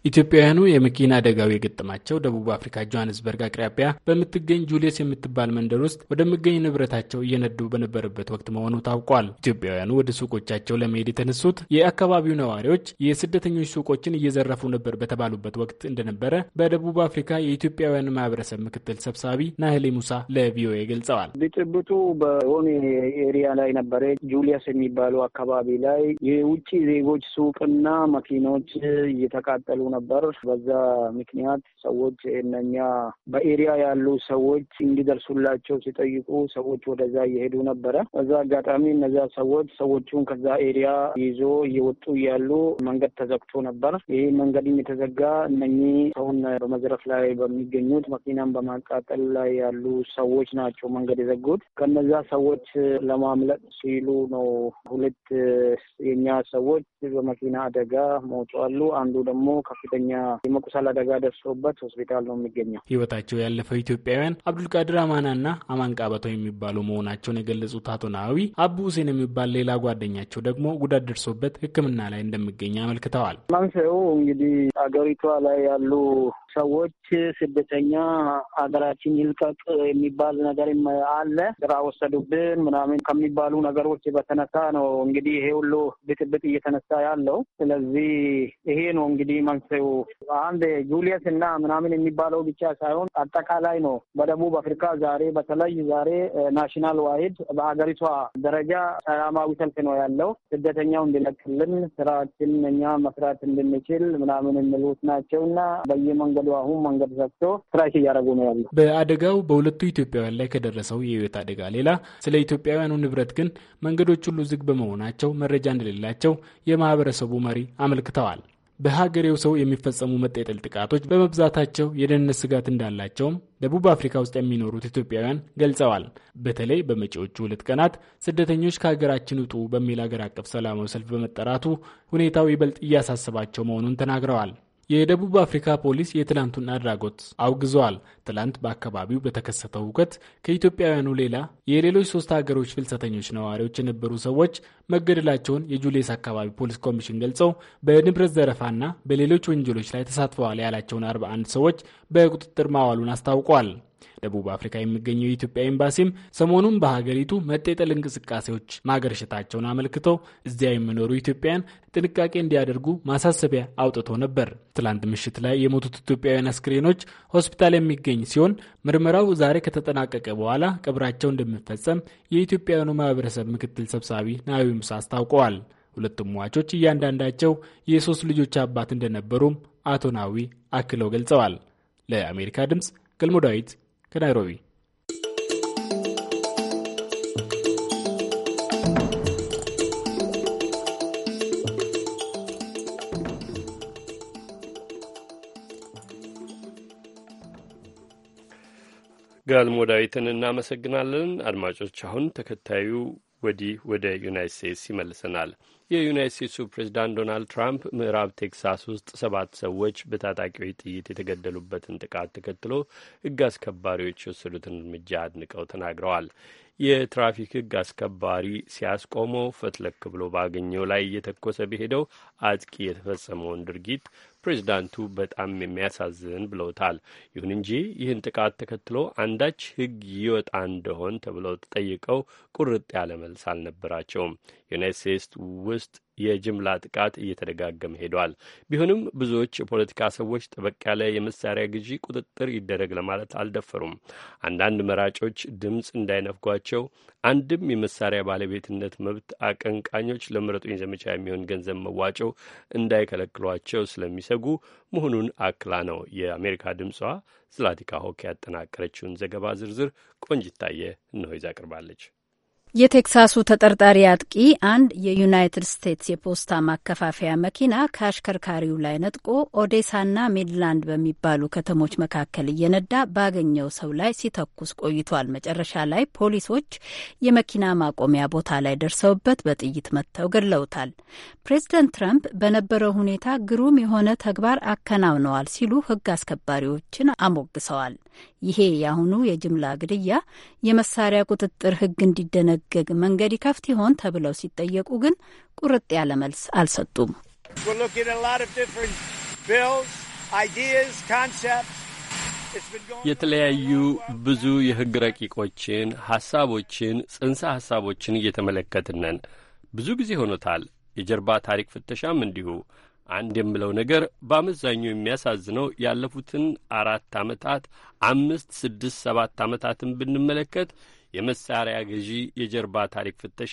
ኢትዮጵያውያኑ የመኪና አደጋው የገጠማቸው ደቡብ አፍሪካ ጆሃንስበርግ አቅራቢያ በምትገኝ ጁልየስ የምትባል መንደር ውስጥ ወደሚገኝ ንብረታቸው እየነዱ በነበረበት ወቅት መሆኑ ታውቋል። ኢትዮጵያውያኑ ወደ ሱቆቻቸው ለመሄድ የተነሱት የአካባቢው ነዋሪዎች የስደተኞች ሱቆችን እየዘረፉ ነበር በተባሉበት ወቅት እንደነበረ በደቡብ አፍሪካ የኢትዮጵያውያን ማህበረሰብ ምክትል ሰብሳቢ ናህሌ ሙሳ ለቪኦኤ ገልጸዋል። ብጥብጡ በሆነ ኤሪያ ላይ ነበረ። ጁልየስ የሚባለው አካባቢ ላይ የውጭ ዜጎች ሱቅና መኪኖች እየተቃጠሉ ነበር። በዛ ምክንያት ሰዎች እነኛ በኤሪያ ያሉ ሰዎች እንዲደርሱላቸው ሲጠይቁ ሰዎች ወደዛ እየሄዱ ነበረ። በዛ አጋጣሚ እነዚያ ሰዎች ሰዎቹን ከዛ ኤሪያ ይዞ እየወጡ እያሉ መንገድ ተዘግቶ ነበር። ይህ መንገድም የተዘጋ እነኚህ ሰውን በመዝረፍ ላይ በሚገኙት መኪናን በማቃጠል ላይ ያሉ ሰዎች ናቸው መንገድ የዘጉት። ከነዛ ሰዎች ለማምለጥ ሲሉ ነው ሁለት የኛ ሰዎች በመኪና አደጋ ሞቷሉ። አንዱ ደግሞ ከፍተኛ የመቁሰል አደጋ ደርሶበት ሆስፒታል ነው የሚገኘው። ህይወታቸው ያለፈው ኢትዮጵያውያን አብዱልቃድር አማና እና አማን ቃበቶ የሚባሉ መሆናቸውን የገለጹት አቶ ናዊ አቡ ሁሴን የሚባል ሌላ ጓደኛቸው ደግሞ ጉዳት ደርሶበት ሕክምና ላይ እንደሚገኝ አመልክተዋል። መንስኤው እንግዲህ አገሪቷ ላይ ያሉ ሰዎች ስደተኛ ሀገራችን ይልቀቅ የሚባል ነገርም አለ። ስራ ወሰዱብን ምናምን ከሚባሉ ነገሮች በተነሳ ነው እንግዲህ ይሄ ሁሉ ብጥብጥ እየተነሳ ያለው። ስለዚህ ይሄ ነው እንግዲህ መንስኤው አንድ ጁልየስ እና ምናምን የሚባለው ብቻ ሳይሆን አጠቃላይ ነው። በደቡብ አፍሪካ ዛሬ በተለይ ዛሬ ናሽናል ዋይድ በሀገሪቷ ደረጃ ሰላማዊ ሰልፍ ነው ያለው። ስደተኛው እንዲለቅልን ስራችን እኛ መስራት እንድንችል ምናምን የሚሉት ናቸው እና በየመንገዱ አሁን መንገድ ዘግቶ እያደረጉ ነው ያሉ። በአደጋው በሁለቱ ኢትዮጵያውያን ላይ ከደረሰው የህይወት አደጋ ሌላ ስለ ኢትዮጵያውያኑ ንብረት ግን መንገዶች ሁሉ ዝግ በመሆናቸው መረጃ እንደሌላቸው የማህበረሰቡ መሪ አመልክተዋል። በሀገሬው ሰው የሚፈጸሙ መጠጠል ጥቃቶች በመብዛታቸው የደህንነት ስጋት እንዳላቸውም ደቡብ አፍሪካ ውስጥ የሚኖሩት ኢትዮጵያውያን ገልጸዋል። በተለይ በመጪዎቹ ሁለት ቀናት ስደተኞች ከሀገራችን ውጡ በሚል ሀገር አቀፍ ሰላማዊ ሰልፍ በመጠራቱ ሁኔታው ይበልጥ እያሳሰባቸው መሆኑን ተናግረዋል። የደቡብ አፍሪካ ፖሊስ የትላንቱን አድራጎት አውግዘዋል። ትላንት በአካባቢው በተከሰተው ሁከት ከኢትዮጵያውያኑ ሌላ የሌሎች ሶስት ሀገሮች ፍልሰተኞች ነዋሪዎች የነበሩ ሰዎች መገደላቸውን የጁሌስ አካባቢ ፖሊስ ኮሚሽን ገልጸው በንብረት ዘረፋና በሌሎች ወንጀሎች ላይ ተሳትፈዋል ያላቸውን 41 ሰዎች በቁጥጥር ማዋሉን አስታውቋል። ደቡብ አፍሪካ የሚገኘው የኢትዮጵያ ኤምባሲም ሰሞኑን በሀገሪቱ መጤጠል እንቅስቃሴዎች ማገርሸታቸውን አመልክተው እዚያ የሚኖሩ ኢትዮጵያውያን ጥንቃቄ እንዲያደርጉ ማሳሰቢያ አውጥቶ ነበር። ትላንት ምሽት ላይ የሞቱት ኢትዮጵያውያን አስክሬኖች ሆስፒታል የሚገኝ ሲሆን ምርመራው ዛሬ ከተጠናቀቀ በኋላ ቅብራቸው እንደሚፈጸም የኢትዮጵያውያኑ ማህበረሰብ ምክትል ሰብሳቢ ናዊ ሙሳ አስታውቀዋል። ሁለቱም ሟቾች እያንዳንዳቸው የሶስት ልጆች አባት እንደነበሩም አቶ ናዊ አክለው ገልጸዋል። ለአሜሪካ ድምፅ ገልሞ ዳዊት ከናይሮቢ ጋልሞ ዳዊትን እናመሰግናለን። አድማጮች አሁን ተከታዩ ወዲህ ወደ ዩናይት ስቴትስ ይመልሰናል። የዩናይት ስቴትሱ ፕሬዚዳንት ዶናልድ ትራምፕ ምዕራብ ቴክሳስ ውስጥ ሰባት ሰዎች በታጣቂዎች ጥይት የተገደሉበትን ጥቃት ተከትሎ ሕግ አስከባሪዎች የወሰዱትን እርምጃ አድንቀው ተናግረዋል። የትራፊክ ሕግ አስከባሪ ሲያስቆመው ፈትለክ ብሎ ባገኘው ላይ እየተኮሰ በሄደው አጥቂ የተፈጸመውን ድርጊት ፕሬዚዳንቱ በጣም የሚያሳዝን ብለውታል። ይሁን እንጂ ይህን ጥቃት ተከትሎ አንዳች ሕግ ይወጣ እንደሆን ተብለው ተጠይቀው ቁርጥ ያለ መልስ አልነበራቸውም። ዩናይት ስቴትስ ውስጥ የጅምላ ጥቃት እየተደጋገመ ሄዷል። ቢሆንም ብዙዎች የፖለቲካ ሰዎች ጠበቅ ያለ የመሳሪያ ግዢ ቁጥጥር ይደረግ ለማለት አልደፈሩም። አንዳንድ መራጮች ድምፅ እንዳይነፍጓቸው አንድም የመሳሪያ ባለቤትነት መብት አቀንቃኞች ለምረጡኝ ዘመቻ የሚሆን ገንዘብ መዋጮ እንዳይከለክሏቸው ስለሚሰጉ መሆኑን አክላ ነው የአሜሪካ ድምጿ ዝላቲካ ሆክ ያጠናቀረችውን ዘገባ ዝርዝር ቆንጅታየ እነሆ ይዛ ቀርባለች። የቴክሳሱ ተጠርጣሪ አጥቂ አንድ የዩናይትድ ስቴትስ የፖስታ ማከፋፈያ መኪና ከአሽከርካሪው ላይ ነጥቆ ኦዴሳና ሜድላንድ በሚባሉ ከተሞች መካከል እየነዳ ባገኘው ሰው ላይ ሲተኩስ ቆይቷል። መጨረሻ ላይ ፖሊሶች የመኪና ማቆሚያ ቦታ ላይ ደርሰውበት በጥይት መጥተው ገድለውታል። ፕሬዚደንት ትራምፕ በነበረው ሁኔታ ግሩም የሆነ ተግባር አከናውነዋል ሲሉ ሕግ አስከባሪዎችን አሞግሰዋል። ይሄ የአሁኑ የጅምላ ግድያ የመሳሪያ ቁጥጥር ሕግ እንዲደነ የሚያገለግል መንገድ ይከፍት ይሆን ተብለው ሲጠየቁ ግን ቁርጥ ያለ መልስ አልሰጡም። የተለያዩ ብዙ የሕግ ረቂቆችን፣ ሐሳቦችን፣ ጽንሰ ሐሳቦችን እየተመለከትነን ብዙ ጊዜ ሆኖታል። የጀርባ ታሪክ ፍተሻም እንዲሁ። አንድ የምለው ነገር በአመዛኙ የሚያሳዝነው ያለፉትን አራት ዓመታት አምስት፣ ስድስት፣ ሰባት ዓመታትን ብንመለከት የመሳሪያ ገዢ የጀርባ ታሪክ ፍተሻ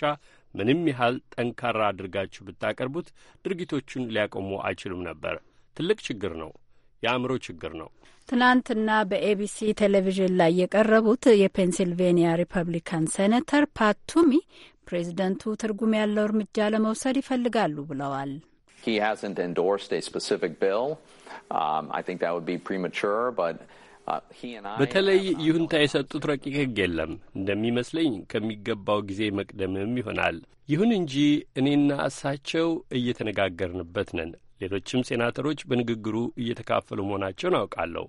ምንም ያህል ጠንካራ አድርጋችሁ ብታቀርቡት ድርጊቶቹን ሊያቆሙ አይችሉም ነበር። ትልቅ ችግር ነው። የአእምሮ ችግር ነው። ትናንትና በኤቢሲ ቴሌቪዥን ላይ የቀረቡት የፔንሲልቬንያ ሪፐብሊካን ሴኔተር ፓት ቱሚ ፕሬዚደንቱ ትርጉም ያለው እርምጃ ለመውሰድ ይፈልጋሉ ብለዋል። He hasn't endorsed a specific bill. Um, I think that would be premature, but በተለይ ይሁንታ የሰጡት ረቂቅ ሕግ የለም እንደሚመስለኝ ከሚገባው ጊዜ መቅደምም ይሆናል። ይሁን እንጂ እኔና እሳቸው እየተነጋገርንበት ነን። ሌሎችም ሴናተሮች በንግግሩ እየተካፈሉ መሆናቸውን አውቃለሁ።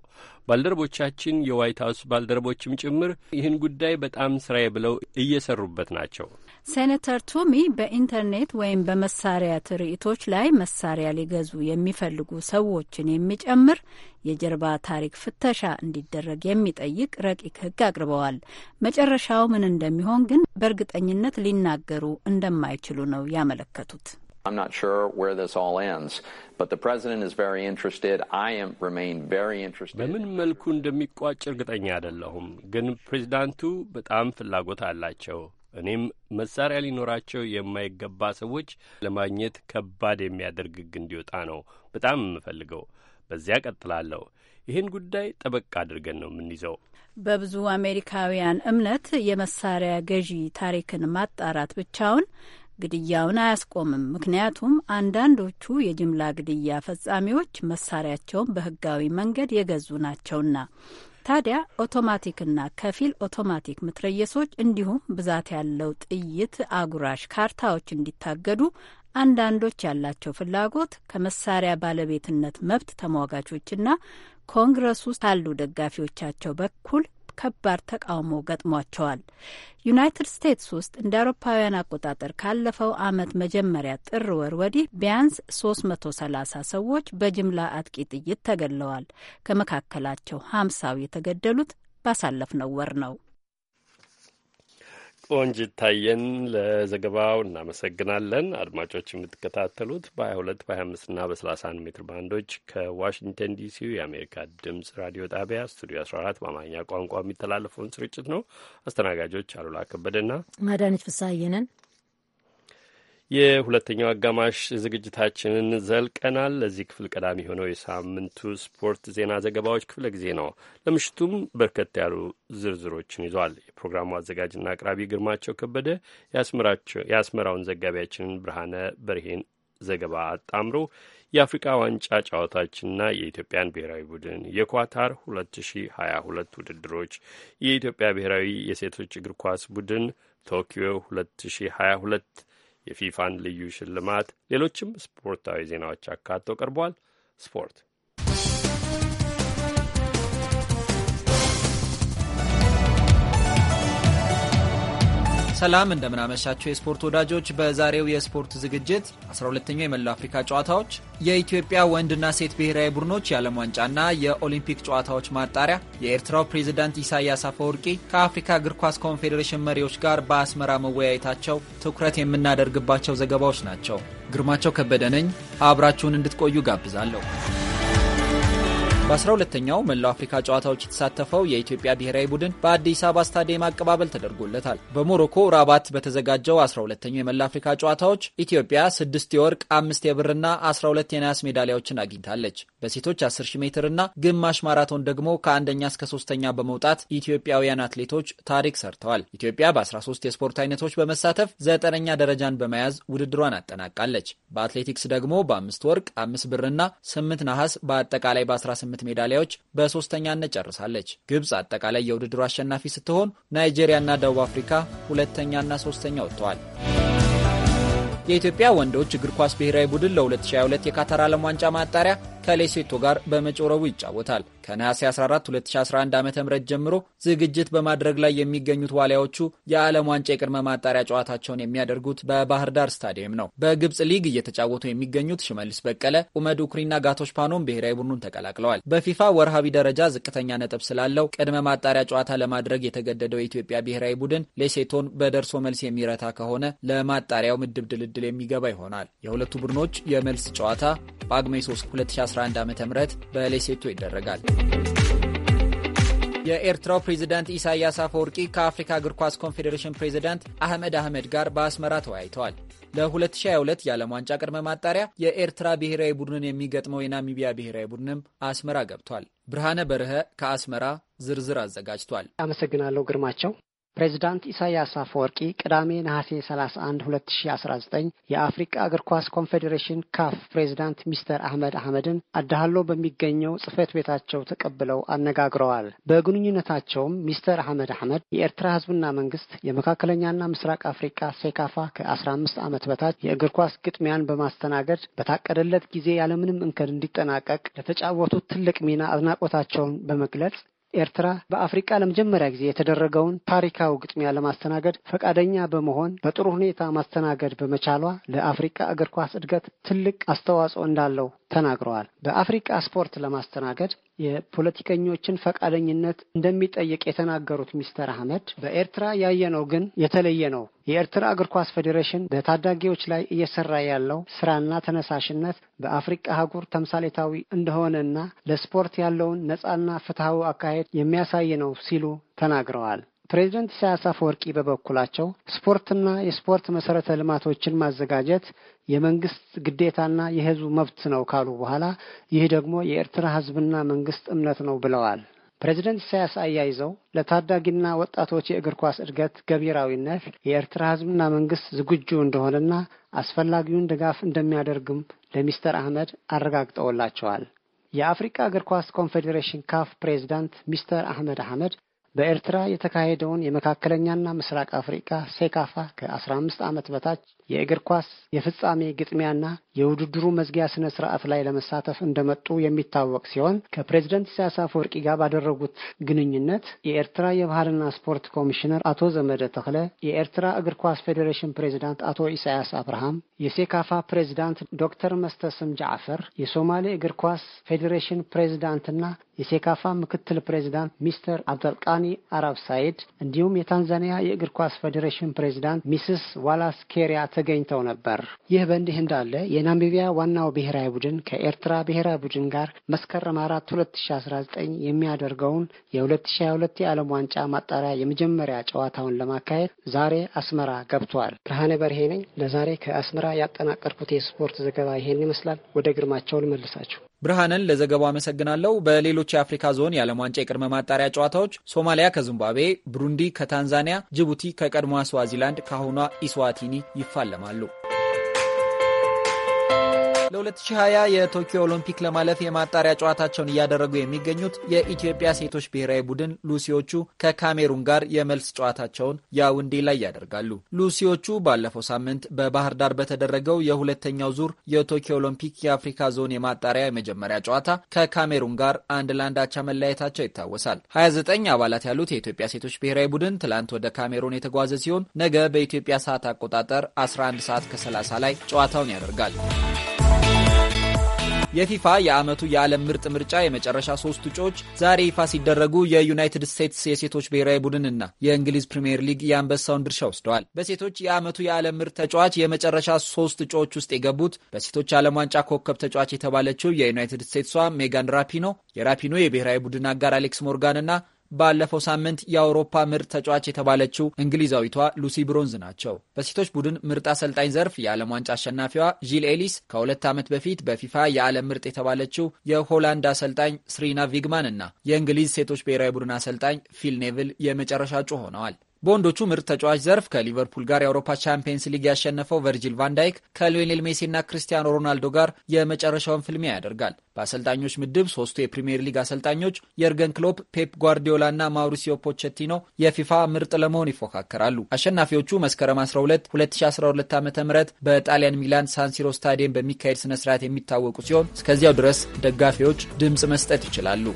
ባልደረቦቻችን፣ የዋይት ሀውስ ባልደረቦችም ጭምር ይህን ጉዳይ በጣም ስራዬ ብለው እየሰሩበት ናቸው። ሴኔተር ቱሚ በኢንተርኔት ወይም በመሳሪያ ትርኢቶች ላይ መሳሪያ ሊገዙ የሚፈልጉ ሰዎችን የሚጨምር የጀርባ ታሪክ ፍተሻ እንዲደረግ የሚጠይቅ ረቂቅ ሕግ አቅርበዋል። መጨረሻው ምን እንደሚሆን ግን በእርግጠኝነት ሊናገሩ እንደማይችሉ ነው ያመለከቱት። I'm not sure where this all ends, but the president is very interested. I am remain very interested. በምን መልኩ እንደሚቋጭ እርግጠኛ አይደለሁም፣ ግን ፕሬዚዳንቱ በጣም ፍላጎት አላቸው። እኔም መሳሪያ ሊኖራቸው የማይገባ ሰዎች ለማግኘት ከባድ የሚያደርግ ሕግ እንዲወጣ ነው በጣም የምፈልገው። በዚያ ቀጥላለሁ። ይህን ጉዳይ ጠበቅ አድርገን ነው የምንይዘው። በብዙ አሜሪካውያን እምነት የመሳሪያ ገዢ ታሪክን ማጣራት ብቻውን ግድያውን አያስቆምም። ምክንያቱም አንዳንዶቹ የጅምላ ግድያ ፈጻሚዎች መሳሪያቸውን በህጋዊ መንገድ የገዙ ናቸውና። ታዲያ ኦቶማቲክና ከፊል ኦቶማቲክ ምትረየሶች እንዲሁም ብዛት ያለው ጥይት አጉራሽ ካርታዎች እንዲታገዱ አንዳንዶች ያላቸው ፍላጎት ከመሳሪያ ባለቤትነት መብት ተሟጋቾችና ኮንግረሱ ካሉ ደጋፊዎቻቸው በኩል ከባድ ተቃውሞ ገጥሟቸዋል። ዩናይትድ ስቴትስ ውስጥ እንደ አውሮፓውያን አቆጣጠር ካለፈው ዓመት መጀመሪያ ጥር ወር ወዲህ ቢያንስ 330 ሰዎች በጅምላ አጥቂ ጥይት ተገድለዋል። ከመካከላቸው ሀምሳው የተገደሉት ባሳለፍነው ወር ነው። ቆንጅ ታየን ለዘገባው እናመሰግናለን። አድማጮች የምትከታተሉት በ22 በ25ና በ31 ሜትር ባንዶች ከዋሽንግተን ዲሲ የአሜሪካ ድምፅ ራዲዮ ጣቢያ ስቱዲዮ 14 በአማርኛ ቋንቋ የሚተላለፈውን ስርጭት ነው። አስተናጋጆች አሉላ ከበደና አዳነች ፍስሐዬ የሁለተኛው አጋማሽ ዝግጅታችንን ዘልቀናል። ለዚህ ክፍል ቀዳሚ የሆነው የሳምንቱ ስፖርት ዜና ዘገባዎች ክፍለ ጊዜ ነው። ለምሽቱም በርከት ያሉ ዝርዝሮችን ይዟል። የፕሮግራሙ አዘጋጅና አቅራቢ ግርማቸው ከበደ የአስመራውን ዘጋቢያችንን ብርሃነ በርሄን ዘገባ አጣምሮ የአፍሪቃ ዋንጫ ጨዋታዎችና የኢትዮጵያን ብሔራዊ ቡድን የኳታር 2022 ውድድሮች የኢትዮጵያ ብሔራዊ የሴቶች እግር ኳስ ቡድን ቶኪዮ 2022 የፊፋን ልዩ ሽልማት፣ ሌሎችም ስፖርታዊ ዜናዎች አካቶ ቀርቧል። ስፖርት ሰላም እንደምናመሻቸው የስፖርት ወዳጆች። በዛሬው የስፖርት ዝግጅት 12ኛው የመላው አፍሪካ ጨዋታዎች፣ የኢትዮጵያ ወንድና ሴት ብሔራዊ ቡድኖች የዓለም ዋንጫና የኦሊምፒክ ጨዋታዎች ማጣሪያ፣ የኤርትራው ፕሬዚዳንት ኢሳያስ አፈወርቂ ከአፍሪካ እግር ኳስ ኮንፌዴሬሽን መሪዎች ጋር በአስመራ መወያየታቸው ትኩረት የምናደርግባቸው ዘገባዎች ናቸው። ግርማቸው ከበደ ነኝ። አብራችሁን እንድትቆዩ ጋብዛለሁ። በ 12 ተኛው መላው አፍሪካ ጨዋታዎች የተሳተፈው የኢትዮጵያ ብሔራዊ ቡድን በአዲስ አበባ ስታዲየም አቀባበል ተደርጎለታል። በሞሮኮ ራባት በተዘጋጀው 12 ተኛው የመላው አፍሪካ ጨዋታዎች ኢትዮጵያ 6 የወርቅ፣ 5 የብርና 12 የነሐስ ሜዳሊያዎችን አግኝታለች። በሴቶች 10000 ሜትርና ግማሽ ማራቶን ደግሞ ከአንደኛ እስከ ሶስተኛ በመውጣት ኢትዮጵያውያን አትሌቶች ታሪክ ሰርተዋል። ኢትዮጵያ በ13 የስፖርት አይነቶች በመሳተፍ ዘጠነኛ ደረጃን በመያዝ ውድድሯን አጠናቃለች። በአትሌቲክስ ደግሞ በአምስት ወርቅ፣ አምስት ብርና ስምንት ነሐስ በአጠቃላይ በ18 ስምንት ሜዳሊያዎች በሶስተኛነት ጨርሳለች። ግብፅ አጠቃላይ የውድድሩ አሸናፊ ስትሆን ናይጄሪያና ደቡብ አፍሪካ ሁለተኛና ሶስተኛ ወጥተዋል። የኢትዮጵያ ወንዶች እግር ኳስ ብሔራዊ ቡድን ለ2022 የካታር ዓለም ዋንጫ ማጣሪያ ከሌሴቶ ጋር በመጪው ረቡዕ ይጫወታል። ከነሐሴ 14 2011 ዓ ም ጀምሮ ዝግጅት በማድረግ ላይ የሚገኙት ዋሊያዎቹ የዓለም ዋንጫ የቅድመ ማጣሪያ ጨዋታቸውን የሚያደርጉት በባህር ዳር ስታዲየም ነው። በግብፅ ሊግ እየተጫወቱ የሚገኙት ሽመልስ በቀለ፣ ኡመድ ኩሪና ጋቶች ፓኖም ብሔራዊ ቡድኑን ተቀላቅለዋል። በፊፋ ወርሃዊ ደረጃ ዝቅተኛ ነጥብ ስላለው ቅድመ ማጣሪያ ጨዋታ ለማድረግ የተገደደው የኢትዮጵያ ብሔራዊ ቡድን ሌሴቶን በደርሶ መልስ የሚረታ ከሆነ ለማጣሪያው ምድብ ድልድል የሚገባ ይሆናል። የሁለቱ ቡድኖች የመልስ ጨዋታ ጳጉሜ 3 2011 ዓ ም በሌሴቶ ይደረጋል። የኤርትራው ፕሬዝዳንት ኢሳያስ አፈወርቂ ከአፍሪካ እግር ኳስ ኮንፌዴሬሽን ፕሬዝዳንት አህመድ አህመድ ጋር በአስመራ ተወያይተዋል። ለ2022 የዓለም ዋንጫ ቅድመ ማጣሪያ የኤርትራ ብሔራዊ ቡድንን የሚገጥመው የናሚቢያ ብሔራዊ ቡድንም አስመራ ገብቷል። ብርሃነ በርሀ ከአስመራ ዝርዝር አዘጋጅቷል። አመሰግናለሁ ግርማቸው። ፕሬዚዳንት ኢሳያስ አፈወርቂ ቅዳሜ ነሐሴ 31 2019 የአፍሪቃ እግር ኳስ ኮንፌዴሬሽን ካፍ ፕሬዚዳንት ሚስተር አህመድ አህመድን አዳሃሎ በሚገኘው ጽህፈት ቤታቸው ተቀብለው አነጋግረዋል። በግንኙነታቸውም ሚስተር አህመድ አህመድ የኤርትራ ህዝብና መንግስት የመካከለኛና ምስራቅ አፍሪቃ ሴካፋ ከ15 ዓመት በታች የእግር ኳስ ግጥሚያን በማስተናገድ በታቀደለት ጊዜ ያለምንም እንከን እንዲጠናቀቅ ለተጫወቱት ትልቅ ሚና አድናቆታቸውን በመግለጽ ኤርትራ በአፍሪቃ ለመጀመሪያ ጊዜ የተደረገውን ታሪካዊ ግጥሚያ ለማስተናገድ ፈቃደኛ በመሆን በጥሩ ሁኔታ ማስተናገድ በመቻሏ ለአፍሪቃ እግር ኳስ እድገት ትልቅ አስተዋጽኦ እንዳለው ተናግረዋል። በአፍሪቃ ስፖርት ለማስተናገድ የፖለቲከኞችን ፈቃደኝነት እንደሚጠይቅ የተናገሩት ሚስተር አህመድ በኤርትራ ያየነው ግን የተለየ ነው። የኤርትራ እግር ኳስ ፌዴሬሽን በታዳጊዎች ላይ እየሰራ ያለው ስራና ተነሳሽነት በአፍሪቃ አህጉር ተምሳሌታዊ እንደሆነና ለስፖርት ያለውን ነጻና ፍትሐዊ አካሄድ የሚያሳይ ነው ሲሉ ተናግረዋል። ፕሬዚደንት ኢሳያስ አፈወርቂ በበኩላቸው ስፖርትና የስፖርት መሰረተ ልማቶችን ማዘጋጀት የመንግስት ግዴታና የህዝቡ መብት ነው ካሉ በኋላ ይህ ደግሞ የኤርትራ ህዝብና መንግስት እምነት ነው ብለዋል። ፕሬዚደንት ኢሳያስ አያይዘው ለታዳጊና ወጣቶች የእግር ኳስ እድገት ገቢራዊነት የኤርትራ ህዝብና መንግስት ዝግጁ እንደሆነና አስፈላጊውን ድጋፍ እንደሚያደርግም ለሚስተር አህመድ አረጋግጠውላቸዋል። የአፍሪካ እግር ኳስ ኮንፌዴሬሽን ካፍ ፕሬዚዳንት ሚስተር አህመድ አህመድ በኤርትራ የተካሄደውን የመካከለኛና ምስራቅ አፍሪካ ሴካፋ ከ15 ዓመት በታች የእግር ኳስ የፍጻሜ ግጥሚያና የውድድሩ መዝጊያ ስነ ስርዓት ላይ ለመሳተፍ እንደመጡ የሚታወቅ ሲሆን ከፕሬዚደንት ኢሳያስ አፈወርቂ ጋር ባደረጉት ግንኙነት የኤርትራ የባህልና ስፖርት ኮሚሽነር አቶ ዘመደ ተክለ፣ የኤርትራ እግር ኳስ ፌዴሬሽን ፕሬዚዳንት አቶ ኢሳያስ አብርሃም፣ የሴካፋ ፕሬዚዳንት ዶክተር መስተስም ጃዕፈር፣ የሶማሌ እግር ኳስ ፌዴሬሽን ፕሬዚዳንትና የሴካፋ ምክትል ፕሬዚዳንት ሚስተር አብደልቃኒ ሮኒ አረብ ሳይድ እንዲሁም የታንዛኒያ የእግር ኳስ ፌዴሬሽን ፕሬዚዳንት ሚስስ ዋላስ ኬሪያ ተገኝተው ነበር። ይህ በእንዲህ እንዳለ የናሚቢያ ዋናው ብሔራዊ ቡድን ከኤርትራ ብሔራዊ ቡድን ጋር መስከረም አራት ሁለት ሺ አስራ ዘጠኝ የሚያደርገውን የሁለት ሺ ሀያ ሁለት የዓለም ዋንጫ ማጣሪያ የመጀመሪያ ጨዋታውን ለማካሄድ ዛሬ አስመራ ገብቷል። ብርሃነ በርሄ ነኝ። ለዛሬ ከአስመራ ያጠናቀርኩት የስፖርት ዘገባ ይሄን ይመስላል። ወደ ግርማቸው ልመልሳችሁ። ብርሃንን ለዘገባው አመሰግናለሁ። በሌሎች የአፍሪካ ዞን የዓለም ዋንጫ የቅድመ ማጣሪያ ጨዋታዎች ሶማሊያ ከዚምባብዌ፣ ብሩንዲ ከታንዛኒያ፣ ጅቡቲ ከቀድሞዋ ስዋዚላንድ ከአሁኗ ኢስዋቲኒ ይፋለማሉ። ለ2020 የቶኪዮ ኦሎምፒክ ለማለፍ የማጣሪያ ጨዋታቸውን እያደረጉ የሚገኙት የኢትዮጵያ ሴቶች ብሔራዊ ቡድን ሉሲዎቹ ከካሜሩን ጋር የመልስ ጨዋታቸውን ያውንዴ ላይ ያደርጋሉ። ሉሲዎቹ ባለፈው ሳምንት በባህር ዳር በተደረገው የሁለተኛው ዙር የቶኪዮ ኦሎምፒክ የአፍሪካ ዞን የማጣሪያ የመጀመሪያ ጨዋታ ከካሜሩን ጋር አንድ ለአንድ አቻ መለያየታቸው ይታወሳል። 29 አባላት ያሉት የኢትዮጵያ ሴቶች ብሔራዊ ቡድን ትላንት ወደ ካሜሩን የተጓዘ ሲሆን ነገ በኢትዮጵያ ሰዓት አቆጣጠር 11 ሰዓት ከ30 ላይ ጨዋታውን ያደርጋል። የፊፋ የዓመቱ የዓለም ምርጥ ምርጫ የመጨረሻ ሶስት እጩዎች ዛሬ ይፋ ሲደረጉ የዩናይትድ ስቴትስ የሴቶች ብሔራዊ ቡድንና የእንግሊዝ ፕሪምየር ሊግ የአንበሳውን ድርሻ ወስደዋል። በሴቶች የዓመቱ የዓለም ምርጥ ተጫዋች የመጨረሻ ሶስት እጩዎች ውስጥ የገቡት በሴቶች ዓለም ዋንጫ ኮከብ ተጫዋች የተባለችው የዩናይትድ ስቴትሷ ሜጋን ራፒኖ፣ የራፒኖ የብሔራዊ ቡድን አጋር አሌክስ ሞርጋን ና ባለፈው ሳምንት የአውሮፓ ምርጥ ተጫዋች የተባለችው እንግሊዛዊቷ ሉሲ ብሮንዝ ናቸው። በሴቶች ቡድን ምርጥ አሰልጣኝ ዘርፍ የዓለም ዋንጫ አሸናፊዋ ዢል ኤሊስ ከሁለት ዓመት በፊት በፊፋ የዓለም ምርጥ የተባለችው የሆላንድ አሰልጣኝ ስሪና ቪግማን እና የእንግሊዝ ሴቶች ብሔራዊ ቡድን አሰልጣኝ ፊል ኔቭል የመጨረሻ እጩ ሆነዋል። በወንዶቹ ምርጥ ተጫዋች ዘርፍ ከሊቨርፑል ጋር የአውሮፓ ቻምፒየንስ ሊግ ያሸነፈው ቨርጂል ቫንዳይክ ከሊዮኔል ሜሲና ክርስቲያኖ ሮናልዶ ጋር የመጨረሻውን ፍልሚያ ያደርጋል። በአሰልጣኞች ምድብ ሶስቱ የፕሪምየር ሊግ አሰልጣኞች የርገን ክሎፕ፣ ፔፕ ጓርዲዮላ እና ማውሪሲዮ ፖቼቲኖ የፊፋ ምርጥ ለመሆን ይፎካከራሉ። አሸናፊዎቹ መስከረም 12 2012 ዓ ም በጣሊያን ሚላን ሳንሲሮ ስታዲየም በሚካሄድ ስነስርዓት የሚታወቁ ሲሆን እስከዚያው ድረስ ደጋፊዎች ድምፅ መስጠት ይችላሉ።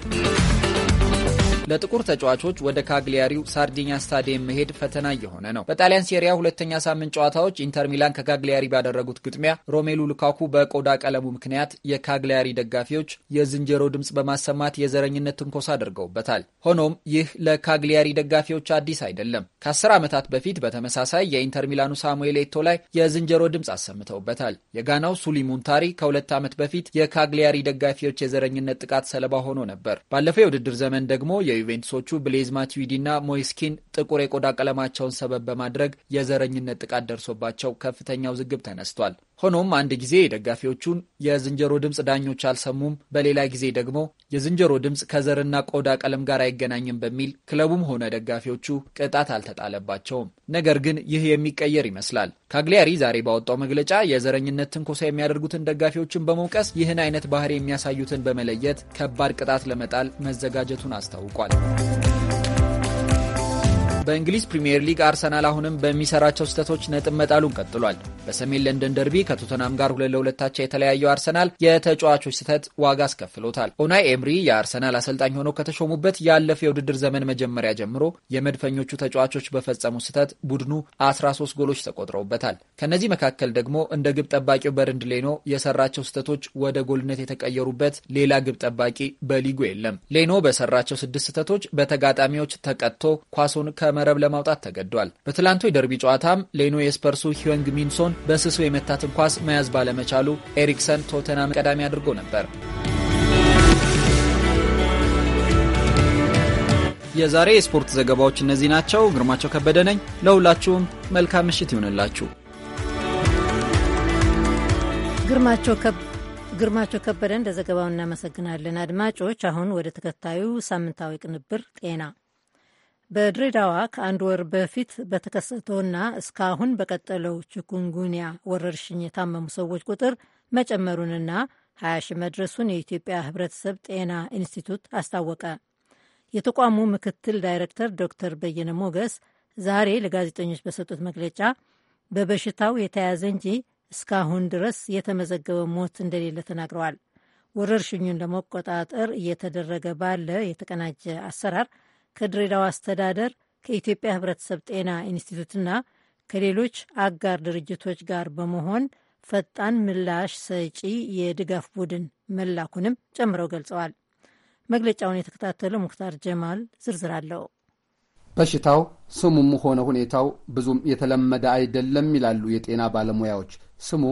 ለጥቁር ተጫዋቾች ወደ ካግሊያሪው ሳርዲኛ ስታዲየም መሄድ ፈተና እየሆነ ነው። በጣሊያን ሴሪያ ሁለተኛ ሳምንት ጨዋታዎች ኢንተር ሚላን ከካግሊያሪ ባደረጉት ግጥሚያ ሮሜሉ ልካኩ በቆዳ ቀለሙ ምክንያት የካግሊያሪ ደጋፊዎች የዝንጀሮ ድምፅ በማሰማት የዘረኝነት ትንኮሳ አድርገውበታል። ሆኖም ይህ ለካግሊያሪ ደጋፊዎች አዲስ አይደለም። ከአስር ዓመታት በፊት በተመሳሳይ የኢንተር ሚላኑ ሳሙኤል ኤቶ ላይ የዝንጀሮ ድምፅ አሰምተውበታል። የጋናው ሱሊ ሙንታሪ ከሁለት ዓመት በፊት የካግሊያሪ ደጋፊዎች የዘረኝነት ጥቃት ሰለባ ሆኖ ነበር። ባለፈው የውድድር ዘመን ደግሞ የ ዩቬንቱሶቹ ብሌዝ ማቲዊዲ እና ሞይስኪን ጥቁር የቆዳ ቀለማቸውን ሰበብ በማድረግ የዘረኝነት ጥቃት ደርሶባቸው ከፍተኛ ዝግብ ተነስቷል። ሆኖም አንድ ጊዜ ደጋፊዎቹን የዝንጀሮ ድምፅ ዳኞች አልሰሙም፣ በሌላ ጊዜ ደግሞ የዝንጀሮ ድምፅ ከዘርና ቆዳ ቀለም ጋር አይገናኝም በሚል ክለቡም ሆነ ደጋፊዎቹ ቅጣት አልተጣለባቸውም። ነገር ግን ይህ የሚቀየር ይመስላል። ካግሊያሪ ዛሬ ባወጣው መግለጫ የዘረኝነት ትንኮሳ የሚያደርጉትን ደጋፊዎችን በመውቀስ ይህን አይነት ባህሪ የሚያሳዩትን በመለየት ከባድ ቅጣት ለመጣል መዘጋጀቱን አስታውቋል። በእንግሊዝ ፕሪምየር ሊግ አርሰናል አሁንም በሚሰራቸው ስህተቶች ነጥብ መጣሉን ቀጥሏል። በሰሜን ለንደን ደርቢ ከቶተናም ጋር ሁለት ለሁለታቸው የተለያየው አርሰናል የተጫዋቾች ስህተት ዋጋ አስከፍሎታል። ኦናይ ኤምሪ የአርሰናል አሰልጣኝ ሆነው ከተሾሙበት ያለፈው የውድድር ዘመን መጀመሪያ ጀምሮ የመድፈኞቹ ተጫዋቾች በፈጸሙ ስህተት ቡድኑ 13 ጎሎች ተቆጥረውበታል። ከእነዚህ መካከል ደግሞ እንደ ግብ ጠባቂው ሌኖ የሰራቸው ስህተቶች ወደ ጎልነት የተቀየሩበት ሌላ ግብ ጠባቂ በሊጉ የለም። ሌኖ በሰራቸው ስድስት ስህተቶች በተጋጣሚዎች ተቀጥቶ ኳሱን ከመ መረብ ለማውጣት ተገዷል። በትላንቱ የደርቢ ጨዋታም ሌኖ የስፐርሱ ሂወንግ ሚንሶን በስሱ የመታትን ኳስ መያዝ ባለመቻሉ ኤሪክሰን ቶተናም ቀዳሚ አድርጎ ነበር። የዛሬ የስፖርት ዘገባዎች እነዚህ ናቸው። ግርማቸው ከበደ ነኝ። ለሁላችሁም መልካም ምሽት ይሆንላችሁ። ግርማቸው ከበደ እንደ ዘገባው እናመሰግናለን። አድማጮች፣ አሁን ወደ ተከታዩ ሳምንታዊ ቅንብር ጤና በድሬዳዋ ከአንድ ወር በፊት በተከሰተውና እስካሁን በቀጠለው ችኩንጉኒያ ወረርሽኝ የታመሙ ሰዎች ቁጥር መጨመሩንና ሀያ ሺ መድረሱን የኢትዮጵያ ሕብረተሰብ ጤና ኢንስቲቱት አስታወቀ። የተቋሙ ምክትል ዳይሬክተር ዶክተር በየነ ሞገስ ዛሬ ለጋዜጠኞች በሰጡት መግለጫ በበሽታው የተያዘ እንጂ እስካሁን ድረስ የተመዘገበ ሞት እንደሌለ ተናግረዋል። ወረርሽኙን ለመቆጣጠር እየተደረገ ባለ የተቀናጀ አሰራር ከድሬዳው አስተዳደር ከኢትዮጵያ ህብረተሰብ ጤና ኢንስቲትዩትና ከሌሎች አጋር ድርጅቶች ጋር በመሆን ፈጣን ምላሽ ሰጪ የድጋፍ ቡድን መላኩንም ጨምረው ገልጸዋል። መግለጫውን የተከታተለው ሙክታር ጀማል ዝርዝር አለው። በሽታው ስሙም ሆነ ሁኔታው ብዙም የተለመደ አይደለም ይላሉ የጤና ባለሙያዎች። ስሙ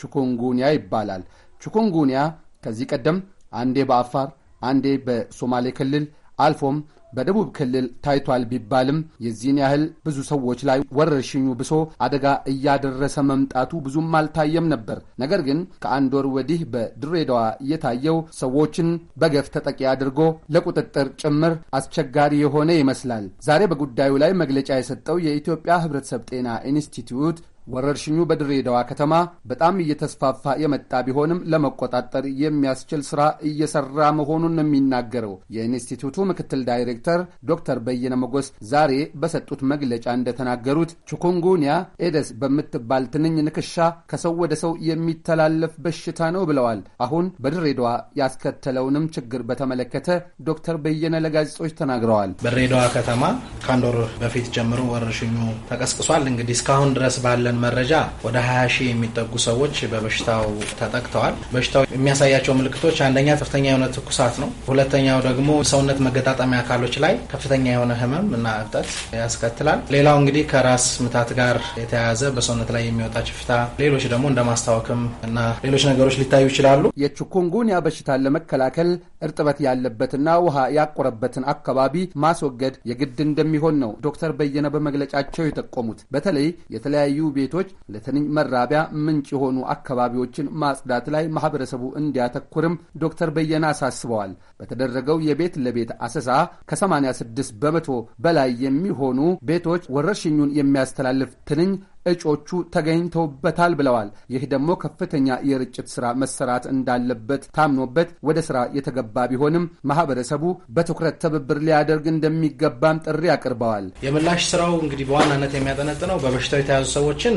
ቹኩንጉኒያ ይባላል። ቹኩንጉኒያ ከዚህ ቀደም አንዴ በአፋር አንዴ በሶማሌ ክልል አልፎም በደቡብ ክልል ታይቷል ቢባልም የዚህን ያህል ብዙ ሰዎች ላይ ወረርሽኙ ብሶ አደጋ እያደረሰ መምጣቱ ብዙም አልታየም ነበር። ነገር ግን ከአንድ ወር ወዲህ በድሬዳዋ እየታየው ሰዎችን በገፍ ተጠቂ አድርጎ ለቁጥጥር ጭምር አስቸጋሪ የሆነ ይመስላል። ዛሬ በጉዳዩ ላይ መግለጫ የሰጠው የኢትዮጵያ ሕብረተሰብ ጤና ኢንስቲትዩት ወረርሽኙ በድሬዳዋ ከተማ በጣም እየተስፋፋ የመጣ ቢሆንም ለመቆጣጠር የሚያስችል ስራ እየሰራ መሆኑን የሚናገረው የኢንስቲትዩቱ ምክትል ዳይሬክተር ዶክተር በየነ መጎስ ዛሬ በሰጡት መግለጫ እንደተናገሩት ቹኩንጉንያ ኤደስ በምትባል ትንኝ ንክሻ ከሰው ወደ ሰው የሚተላለፍ በሽታ ነው ብለዋል። አሁን በድሬዳዋ ያስከተለውንም ችግር በተመለከተ ዶክተር በየነ ለጋዜጦች ተናግረዋል። በድሬዳዋ ከተማ ከአንድ ወር በፊት ጀምሮ ወረርሽኙ ተቀስቅሷል። እንግዲህ እስካሁን ድረስ ባለ ባለን መረጃ ወደ 20 ሺህ የሚጠጉ ሰዎች በበሽታው ተጠቅተዋል። በሽታው የሚያሳያቸው ምልክቶች አንደኛ ከፍተኛ የሆነ ትኩሳት ነው። ሁለተኛው ደግሞ ሰውነት መገጣጠሚያ አካሎች ላይ ከፍተኛ የሆነ ህመም እና እብጠት ያስከትላል። ሌላው እንግዲህ ከራስ ምታት ጋር የተያያዘ በሰውነት ላይ የሚወጣ ችፍታ፣ ሌሎች ደግሞ እንደ ማስታወክም እና ሌሎች ነገሮች ሊታዩ ይችላሉ። የቺኩንጉንያ በሽታን ለመከላከል እርጥበት ያለበትና ውሃ ያቆረበትን አካባቢ ማስወገድ የግድ እንደሚሆን ነው ዶክተር በየነ በመግለጫቸው የጠቆሙት። በተለይ የተለያዩ ቤ ቤቶች ለትንኝ መራቢያ ምንጭ የሆኑ አካባቢዎችን ማጽዳት ላይ ማህበረሰቡ እንዲያተኩርም ዶክተር በየነ አሳስበዋል። በተደረገው የቤት ለቤት አሰሳ ከ86 በመቶ በላይ የሚሆኑ ቤቶች ወረርሽኙን የሚያስተላልፍ ትንኝ እጮቹ ተገኝተውበታል ብለዋል። ይህ ደግሞ ከፍተኛ የርጭት ስራ መሰራት እንዳለበት ታምኖበት ወደ ስራ የተገባ ቢሆንም ማህበረሰቡ በትኩረት ትብብር ሊያደርግ እንደሚገባም ጥሪ አቅርበዋል። የምላሽ ስራው እንግዲህ በዋናነት የሚያጠነጥነው በበሽታው የተያዙ ሰዎችን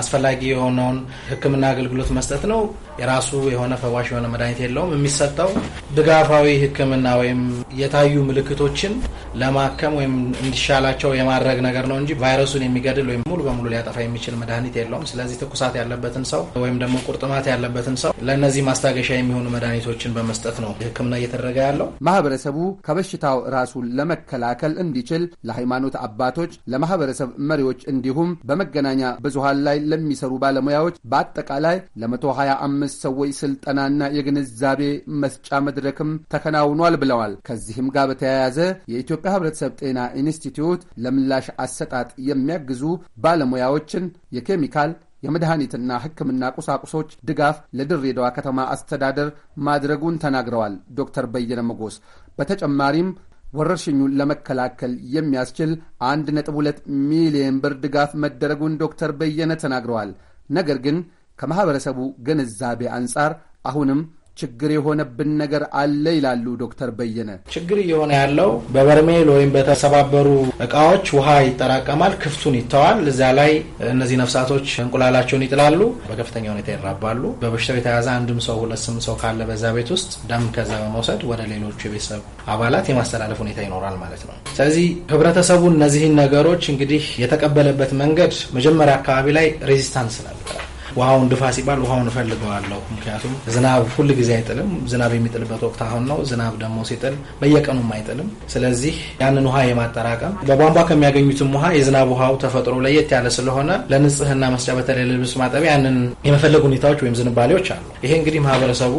አስፈላጊ የሆነውን ሕክምና አገልግሎት መስጠት ነው። የራሱ የሆነ ፈዋሽ የሆነ መድኃኒት የለውም። የሚሰጠው ድጋፋዊ ሕክምና ወይም የታዩ ምልክቶችን ለማከም ወይም እንዲሻላቸው የማድረግ ነገር ነው እንጂ ቫይረሱን የሚገድል ወይም ሙሉ በሙሉ ሊያጠፋ የሚችል መድኃኒት የለውም። ስለዚህ ትኩሳት ያለበትን ሰው ወይም ደግሞ ቁርጥማት ያለበትን ሰው ለእነዚህ ማስታገሻ የሚሆኑ መድኃኒቶችን በመስጠት ነው ሕክምና እየተደረገ ያለው። ማህበረሰቡ ከበሽታው ራሱን ለመከላከል እንዲችል ለሃይማኖት አባቶች፣ ለማህበረሰብ መሪዎች እንዲሁም በመገናኛ ብዙሃን ላይ ለሚሰሩ ባለሙያዎች በአጠቃላይ ለመቶ ሀያ አምስት ሰዎች ስልጠናና የግንዛቤ መስጫ መድረክም ተከናውኗል ብለዋል። ከዚህም ጋር በተያያዘ የኢትዮጵያ ህብረተሰብ ጤና ኢንስቲትዩት ለምላሽ አሰጣጥ የሚያግዙ ባለሙያዎች መሳሪያዎችን፣ የኬሚካል የመድኃኒትና ሕክምና ቁሳቁሶች ድጋፍ ለድሬዳዋ ከተማ አስተዳደር ማድረጉን ተናግረዋል ዶክተር በየነ መጎስ። በተጨማሪም ወረርሽኙን ለመከላከል የሚያስችል 1.2 ሚሊየን ብር ድጋፍ መደረጉን ዶክተር በየነ ተናግረዋል። ነገር ግን ከማኅበረሰቡ ግንዛቤ አንጻር አሁንም ችግር የሆነብን ነገር አለ ይላሉ ዶክተር በየነ። ችግር እየሆነ ያለው በበርሜል ወይም በተሰባበሩ እቃዎች ውሃ ይጠራቀማል፣ ክፍቱን ይተዋል። እዚያ ላይ እነዚህ ነፍሳቶች እንቁላላቸውን ይጥላሉ፣ በከፍተኛ ሁኔታ ይራባሉ። በበሽታው የተያዘ አንድም ሰው ሁለት ስም ሰው ካለ በዛ ቤት ውስጥ ደም ከዛ በመውሰድ ወደ ሌሎቹ የቤተሰብ አባላት የማስተላለፍ ሁኔታ ይኖራል ማለት ነው። ስለዚህ ህብረተሰቡ እነዚህን ነገሮች እንግዲህ የተቀበለበት መንገድ መጀመሪያ አካባቢ ላይ ሬዚስታንስ ነበር ውሃውን ድፋ ሲባል ውሃውን እፈልገዋለሁ። ምክንያቱም ዝናብ ሁል ጊዜ አይጥልም። ዝናብ የሚጥልበት ወቅት አሁን ነው። ዝናብ ደግሞ ሲጥል በየቀኑም አይጥልም። ስለዚህ ያንን ውሃ የማጠራቀም በቧንቧ ከሚያገኙትም ውሃ የዝናብ ውሃው ተፈጥሮ ለየት ያለ ስለሆነ ለንጽህና መስጫ፣ በተለይ ልብስ ማጠቢያ ያንን የመፈለግ ሁኔታዎች ወይም ዝንባሌዎች አሉ። ይሄ እንግዲህ ማህበረሰቡ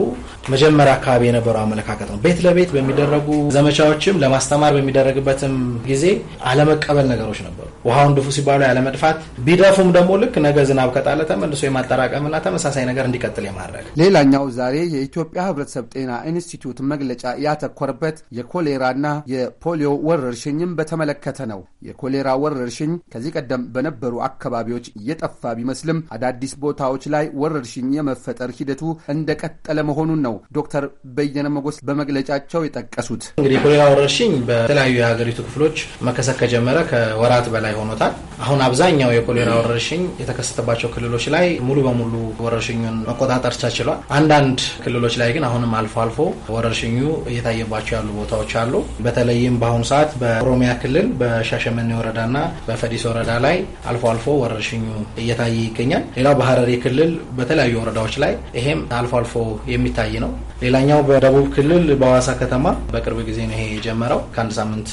መጀመሪያ አካባቢ የነበረው አመለካከት ነው። ቤት ለቤት በሚደረጉ ዘመቻዎችም ለማስተማር በሚደረግበትም ጊዜ አለመቀበል ነገሮች ነበሩ። ውሃውን ድፉ ሲባሉ ያለመድፋት ቢደፉም ደግሞ ልክ ነገ ዝናብ ከጣለ ተመልሶ አጠራቀምና ተመሳሳይ ነገር እንዲቀጥል የማድረግ ሌላኛው ዛሬ የኢትዮጵያ ህብረተሰብ ጤና ኢንስቲትዩት መግለጫ ያተኮረበት የኮሌራና የፖሊዮ ወረርሽኝም በተመለከተ ነው። የኮሌራ ወረርሽኝ ከዚህ ቀደም በነበሩ አካባቢዎች እየጠፋ ቢመስልም አዳዲስ ቦታዎች ላይ ወረርሽኝ የመፈጠር ሂደቱ እንደቀጠለ መሆኑን ነው ዶክተር በየነ መጎስ በመግለጫቸው የጠቀሱት። እንግዲህ የኮሌራ ወረርሽኝ በተለያዩ የሀገሪቱ ክፍሎች መከሰት ከጀመረ ከወራት በላይ ሆኖታል። አሁን አብዛኛው የኮሌራ ወረርሽኝ የተከሰተባቸው ክልሎች ላይ ሙሉ በሙሉ ወረርሽኙን መቆጣጠር ተችሏል። አንዳንድ ክልሎች ላይ ግን አሁንም አልፎ አልፎ ወረርሽኙ እየታየባቸው ያሉ ቦታዎች አሉ። በተለይም በአሁኑ ሰዓት በኦሮሚያ ክልል በሻሸመኔ ወረዳና በፈዲስ ወረዳ ላይ አልፎ አልፎ ወረርሽኙ እየታየ ይገኛል። ሌላው በሀረሪ ክልል በተለያዩ ወረዳዎች ላይ ይሄም አልፎ አልፎ የሚታይ ነው። ሌላኛው በደቡብ ክልል በሀዋሳ ከተማ በቅርብ ጊዜ ነው ይሄ የጀመረው። ከአንድ ሳምንት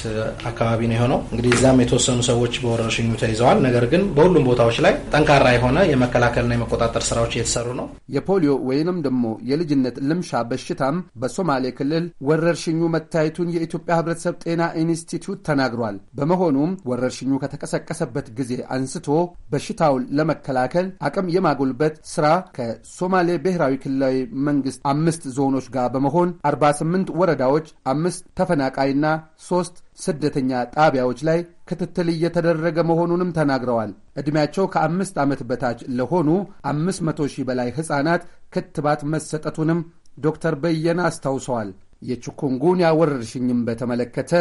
አካባቢ ነው የሆነው። እንግዲህ እዛም የተወሰኑ ሰዎች በወረርሽኙ ተይዘዋል። ነገር ግን በሁሉም ቦታዎች ላይ ጠንካራ የሆነ የመከላከልና የመቆጣጠር ስራዎች እየተሰሩ ነው። የፖሊዮ ወይንም ደግሞ የልጅነት ልምሻ በሽታም በሶማሌ ክልል ወረርሽኙ መታየቱን የኢትዮጵያ ሕብረተሰብ ጤና ኢንስቲትዩት ተናግሯል። በመሆኑም ወረርሽኙ ከተቀሰቀሰበት ጊዜ አንስቶ በሽታውን ለመከላከል አቅም የማጎልበት ስራ ከሶማሌ ብሔራዊ ክልላዊ መንግስት አምስት ዞኖች ጋር በመሆን 48 ወረዳዎች፣ አምስት ተፈናቃይና ሶስት ስደተኛ ጣቢያዎች ላይ ክትትል እየተደረገ መሆኑንም ተናግረዋል። ዕድሜያቸው ከአምስት ዓመት በታች ለሆኑ አምስት መቶ ሺህ በላይ ሕፃናት ክትባት መሰጠቱንም ዶክተር በየነ አስታውሰዋል። የቺኩንጉንያ ወረርሽኝም በተመለከተ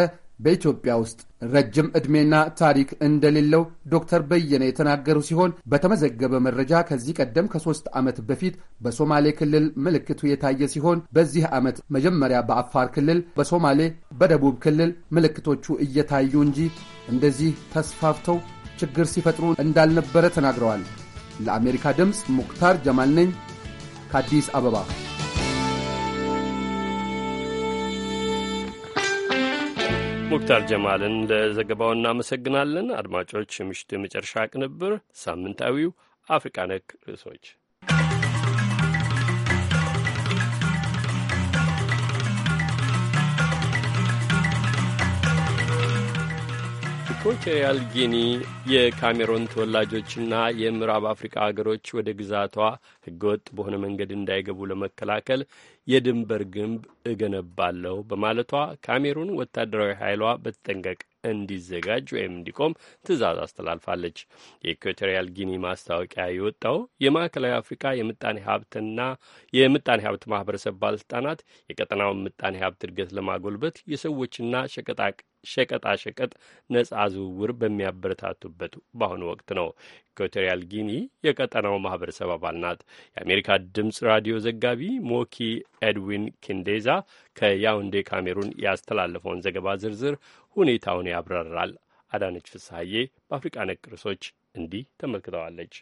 በኢትዮጵያ ውስጥ ረጅም ዕድሜና ታሪክ እንደሌለው ዶክተር በየነ የተናገሩ ሲሆን በተመዘገበ መረጃ ከዚህ ቀደም ከሶስት ዓመት በፊት በሶማሌ ክልል ምልክቱ የታየ ሲሆን በዚህ ዓመት መጀመሪያ በአፋር ክልል፣ በሶማሌ፣ በደቡብ ክልል ምልክቶቹ እየታዩ እንጂ እንደዚህ ተስፋፍተው ችግር ሲፈጥሩ እንዳልነበረ ተናግረዋል። ለአሜሪካ ድምፅ ሙክታር ጀማል ነኝ ከአዲስ አበባ። ሙክታር ጀማልን ለዘገባው እናመሰግናለን። አድማጮች፣ የምሽቱ የመጨረሻ ቅንብር ሳምንታዊው አፍሪቃ ነክ ርዕሶች የኢኳቶሪያል ጊኒ የካሜሮን ተወላጆችና የምዕራብ አፍሪካ አገሮች ወደ ግዛቷ ህገወጥ በሆነ መንገድ እንዳይገቡ ለመከላከል የድንበር ግንብ እገነባለሁ በማለቷ ካሜሩን ወታደራዊ ኃይሏ በተጠንቀቅ እንዲዘጋጅ ወይም እንዲቆም ትዕዛዝ አስተላልፋለች። የኢኳቶሪያል ጊኒ ማስታወቂያ የወጣው የማዕከላዊ አፍሪካ የምጣኔ ሀብትና የምጣኔ ሀብት ማህበረሰብ ባለስልጣናት የቀጠናውን ምጣኔ ሀብት እድገት ለማጎልበት የሰዎችና ሸቀጣቅ ሸቀጣሸቀጥ ነጻ ዝውውር በሚያበረታቱበት በአሁኑ ወቅት ነው። ኢኳቶሪያል ጊኒ የቀጠናው ማህበረሰብ አባል ናት። የአሜሪካ ድምፅ ራዲዮ ዘጋቢ ሞኪ ኤድዊን ኪንዴዛ ከያውንዴ ካሜሩን ያስተላለፈውን ዘገባ ዝርዝር ሁኔታውን ያብራራል። አዳነች ፍስሐዬ በአፍሪቃ ነክ ርዕሶች እንዲህ ተመልክተዋለች።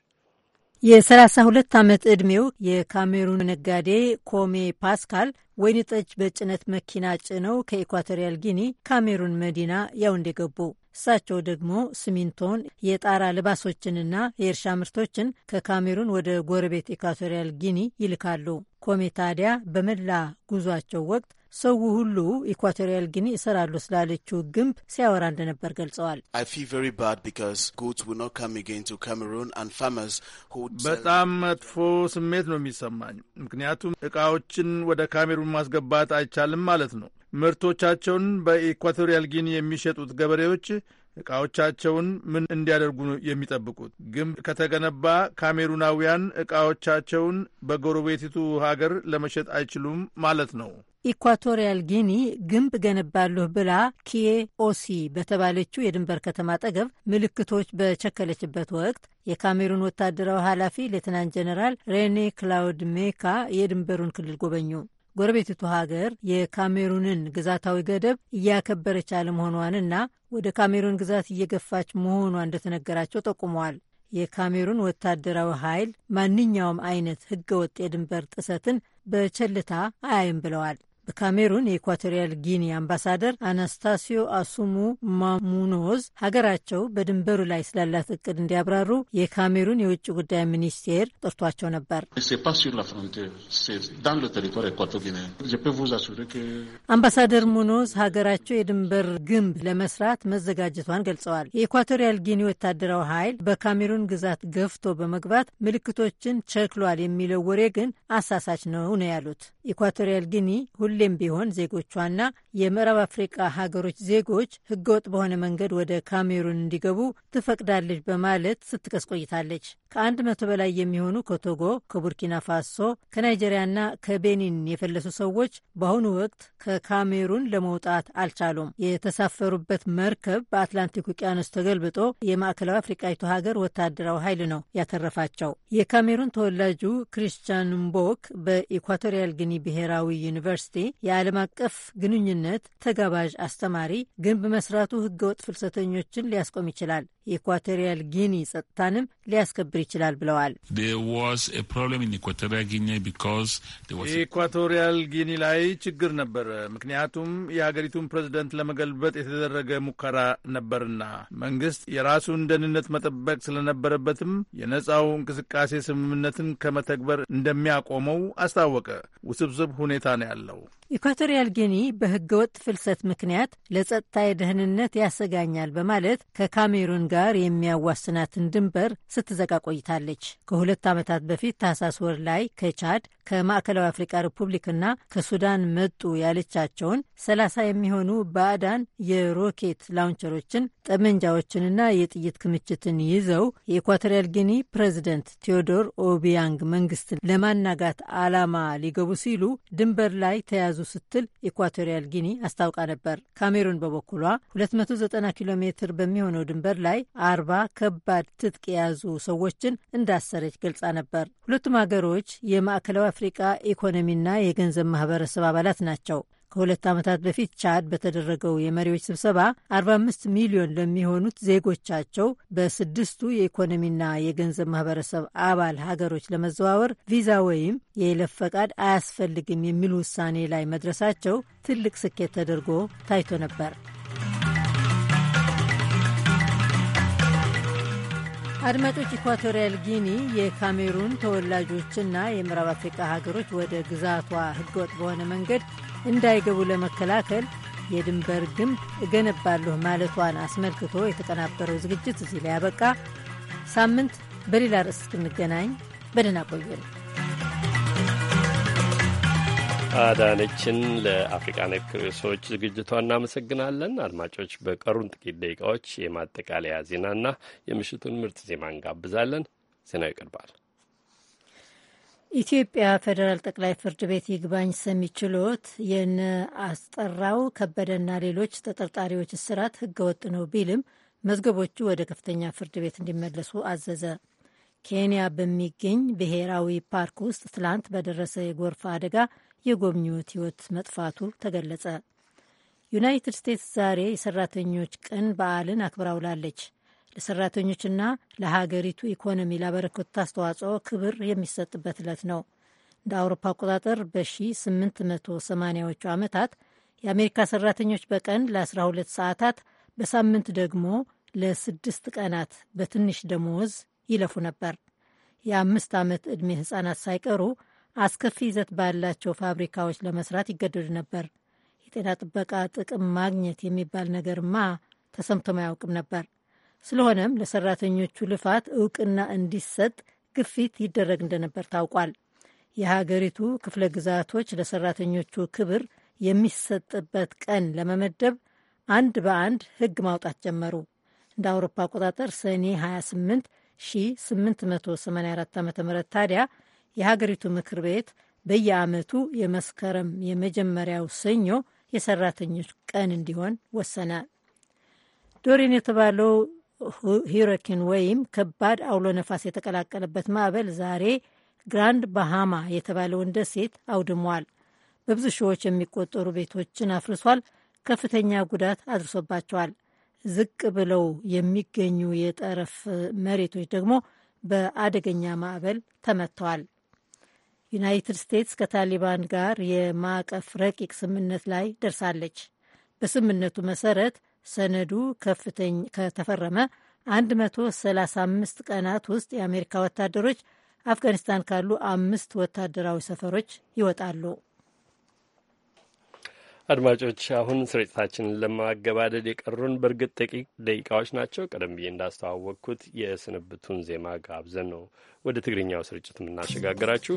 የ32 ዓመት ዕድሜው የካሜሩን ነጋዴ ኮሜ ፓስካል ወይን ጠጅ በጭነት መኪና ጭነው ከኢኳቶሪያል ጊኒ ካሜሩን መዲና ያውንዴ ገቡ። እሳቸው ደግሞ ሲሚንቶን፣ የጣራ ልባሶችንና የእርሻ ምርቶችን ከካሜሩን ወደ ጎረቤት ኢኳቶሪያል ጊኒ ይልካሉ። ኮሜ ታዲያ በመላ ጉዟቸው ወቅት ሰው ሁሉ ኢኳቶሪያል ጊኒ ይሰራሉ ስላለችው ግንብ ሲያወራ እንደነበር ገልጸዋል። በጣም መጥፎ ስሜት ነው የሚሰማኝ፣ ምክንያቱም እቃዎችን ወደ ካሜሩን ማስገባት አይቻልም ማለት ነው። ምርቶቻቸውን በኢኳቶሪያል ጊኒ የሚሸጡት ገበሬዎች ዕቃዎቻቸውን ምን እንዲያደርጉ የሚጠብቁት? ግንብ ከተገነባ ካሜሩናውያን ዕቃዎቻቸውን በጎረቤቲቱ ሀገር ለመሸጥ አይችሉም ማለት ነው። ኢኳቶሪያል ጊኒ ግንብ ገነባለሁ ብላ ኪዬ ኦሲ በተባለችው የድንበር ከተማ አጠገብ ምልክቶች በቸከለችበት ወቅት የካሜሩን ወታደራዊ ኃላፊ ሌትናንት ጀነራል ሬኔ ክላውድ ሜካ የድንበሩን ክልል ጎበኙ። ጎረቤቲቱ ሀገር የካሜሩንን ግዛታዊ ገደብ እያከበረች አለመሆኗንና ወደ ካሜሩን ግዛት እየገፋች መሆኗ እንደተነገራቸው ጠቁመዋል። የካሜሩን ወታደራዊ ኃይል ማንኛውም አይነት ህገወጥ የድንበር ጥሰትን በቸልታ አያይም ብለዋል። በካሜሩን የኢኳቶሪያል ጊኒ አምባሳደር አናስታሲዮ አሱሙ ማሙኖዝ ሀገራቸው በድንበሩ ላይ ስላላት እቅድ እንዲያብራሩ የካሜሩን የውጭ ጉዳይ ሚኒስቴር ጠርቷቸው ነበር። አምባሳደር ሙኖዝ ሀገራቸው የድንበር ግንብ ለመስራት መዘጋጀቷን ገልጸዋል። የኢኳቶሪያል ጊኒ ወታደራዊ ኃይል በካሜሩን ግዛት ገፍቶ በመግባት ምልክቶችን ቸክሏል የሚለው ወሬ ግን አሳሳች ነው ነው ያሉት ኢኳቶሪያል ጊኒ ሁሌም ቢሆን ዜጎቿና የምዕራብ አፍሪቃ ሀገሮች ዜጎች ህገወጥ በሆነ መንገድ ወደ ካሜሩን እንዲገቡ ትፈቅዳለች በማለት ስትከስ ቆይታለች። ከአንድ መቶ በላይ የሚሆኑ ከቶጎ፣ ከቡርኪና ፋሶ፣ ከናይጄሪያና ከቤኒን የፈለሱ ሰዎች በአሁኑ ወቅት ከካሜሩን ለመውጣት አልቻሉም። የተሳፈሩበት መርከብ በአትላንቲክ ውቅያኖስ ተገልብጦ የማዕከላዊ አፍሪቃዊቱ ሀገር ወታደራዊ ኃይል ነው ያተረፋቸው። የካሜሩን ተወላጁ ክሪስቲያን ምቦክ በኢኳቶሪያል ግኒ ብሔራዊ ዩኒቨርሲቲ የዓለም አቀፍ ግንኙነት አይነት ተጋባዥ አስተማሪ ግንብ መስራቱ ህገወጥ ፍልሰተኞችን ሊያስቆም ይችላል። የኢኳቶሪያል ጊኒ ጸጥታንም ሊያስከብር ይችላል ብለዋል። የኢኳቶሪያል ጊኒ ላይ ችግር ነበር፣ ምክንያቱም የሀገሪቱን ፕሬዝደንት ለመገልበጥ የተደረገ ሙከራ ነበርና መንግስት የራሱን ደህንነት መጠበቅ ስለነበረበትም የነጻው እንቅስቃሴ ስምምነትን ከመተግበር እንደሚያቆመው አስታወቀ። ውስብስብ ሁኔታ ነው ያለው። ኢኳቶሪያል ጊኒ በህገወጥ ፍልሰት ምክንያት ለጸጥታ የደህንነት ያሰጋኛል በማለት ከካሜሩን ጋር ጋር የሚያዋስናትን ድንበር ስትዘጋ ቆይታለች። ከሁለት ዓመታት በፊት ታህሳስ ወር ላይ ከቻድ ከማዕከላዊ አፍሪካ ሪፑብሊክና ከሱዳን መጡ ያለቻቸውን ሰላሳ የሚሆኑ ባዕዳን የሮኬት ላውንቸሮችን ጠመንጃዎችንና የጥይት ክምችትን ይዘው የኢኳቶሪያል ጊኒ ፕሬዚደንት ቴዎዶር ኦቢያንግ መንግስትን ለማናጋት አላማ ሊገቡ ሲሉ ድንበር ላይ ተያዙ ስትል ኢኳቶሪያል ጊኒ አስታውቃ ነበር። ካሜሩን በበኩሏ 290 ኪሎ ሜትር በሚሆነው ድንበር ላይ አርባ ከባድ ትጥቅ የያዙ ሰዎችን እንዳሰረች ገልጻ ነበር። ሁለቱም ሀገሮች የማዕከላዊ የአፍሪቃ ኢኮኖሚና የገንዘብ ማህበረሰብ አባላት ናቸው። ከሁለት ዓመታት በፊት ቻድ በተደረገው የመሪዎች ስብሰባ 45 ሚሊዮን ለሚሆኑት ዜጎቻቸው በስድስቱ የኢኮኖሚና የገንዘብ ማህበረሰብ አባል ሀገሮች ለመዘዋወር ቪዛ ወይም የይለፍ ፈቃድ አያስፈልግም የሚል ውሳኔ ላይ መድረሳቸው ትልቅ ስኬት ተደርጎ ታይቶ ነበር። አድማጮች፣ ኢኳቶሪያል ጊኒ የካሜሩን ተወላጆችና የምዕራብ አፍሪካ ሀገሮች ወደ ግዛቷ ህገወጥ በሆነ መንገድ እንዳይገቡ ለመከላከል የድንበር ግንብ እገነባለሁ ማለቷን አስመልክቶ የተቀናበረው ዝግጅት እዚህ ላይ ያበቃ። ሳምንት በሌላ ርዕስ እስክንገናኝ በደህና ቆዩ አዳነችን ለአፍሪቃ ነክ ርዕሶች ዝግጅቷ እናመሰግናለን። አድማጮች በቀሩን ጥቂት ደቂቃዎች የማጠቃለያ ዜናና የምሽቱን ምርጥ ዜማ እንጋብዛለን። ዜናው ይቀርባል። ኢትዮጵያ ፌዴራል ጠቅላይ ፍርድ ቤት ይግባኝ ሰሚ ችሎት የነ አስጠራው ከበደና ሌሎች ተጠርጣሪዎች እስራት ህገወጥ ነው ቢልም መዝገቦቹ ወደ ከፍተኛ ፍርድ ቤት እንዲመለሱ አዘዘ። ኬንያ በሚገኝ ብሔራዊ ፓርክ ውስጥ ትላንት በደረሰ የጎርፍ አደጋ የጎብኚዎች ህይወት መጥፋቱ ተገለጸ። ዩናይትድ ስቴትስ ዛሬ የሰራተኞች ቀን በዓልን አክብራ ውላለች። ለሰራተኞችና ለሀገሪቱ ኢኮኖሚ ላበረከቱት አስተዋጽኦ ክብር የሚሰጥበት ዕለት ነው። እንደ አውሮፓ አቆጣጠር በ1880ዎቹ ዓመታት የአሜሪካ ሰራተኞች በቀን ለ12 ሰዓታት በሳምንት ደግሞ ለስድስት ቀናት በትንሽ ደሞዝ ይለፉ ነበር። የአምስት ዓመት ዕድሜ ሕፃናት ሳይቀሩ አስከፊ ይዘት ባላቸው ፋብሪካዎች ለመስራት ይገደዱ ነበር። የጤና ጥበቃ ጥቅም ማግኘት የሚባል ነገርማ ተሰምቶም አያውቅም ነበር። ስለሆነም ለሰራተኞቹ ልፋት እውቅና እንዲሰጥ ግፊት ይደረግ እንደነበር ታውቋል። የሀገሪቱ ክፍለ ግዛቶች ለሰራተኞቹ ክብር የሚሰጥበት ቀን ለመመደብ አንድ በአንድ ሕግ ማውጣት ጀመሩ። እንደ አውሮፓ አቆጣጠር ሰኔ 28 1884 ዓ ም ታዲያ የሀገሪቱ ምክር ቤት በየዓመቱ የመስከረም የመጀመሪያው ሰኞ የሰራተኞች ቀን እንዲሆን ወሰነ። ዶሪን የተባለው ሂሪኬን ወይም ከባድ አውሎ ነፋስ የተቀላቀለበት ማዕበል ዛሬ ግራንድ ባሃማ የተባለውን ደሴት አውድሟል። በብዙ ሺዎች የሚቆጠሩ ቤቶችን አፍርሷል። ከፍተኛ ጉዳት አድርሶባቸዋል። ዝቅ ብለው የሚገኙ የጠረፍ መሬቶች ደግሞ በአደገኛ ማዕበል ተመትተዋል። ዩናይትድ ስቴትስ ከታሊባን ጋር የማዕቀፍ ረቂቅ ስምምነት ላይ ደርሳለች። በስምምነቱ መሰረት ሰነዱ ከተፈረመ 135 ቀናት ውስጥ የአሜሪካ ወታደሮች አፍጋኒስታን ካሉ አምስት ወታደራዊ ሰፈሮች ይወጣሉ። አድማጮች አሁን ስርጭታችንን ለማገባደድ የቀሩን በእርግጥ ጥቂት ደቂቃዎች ናቸው። ቀደም ብዬ እንዳስተዋወቅኩት የስንብቱን ዜማ ጋብዘን ነው ወደ ትግርኛው ስርጭት የምናሸጋግራችሁ።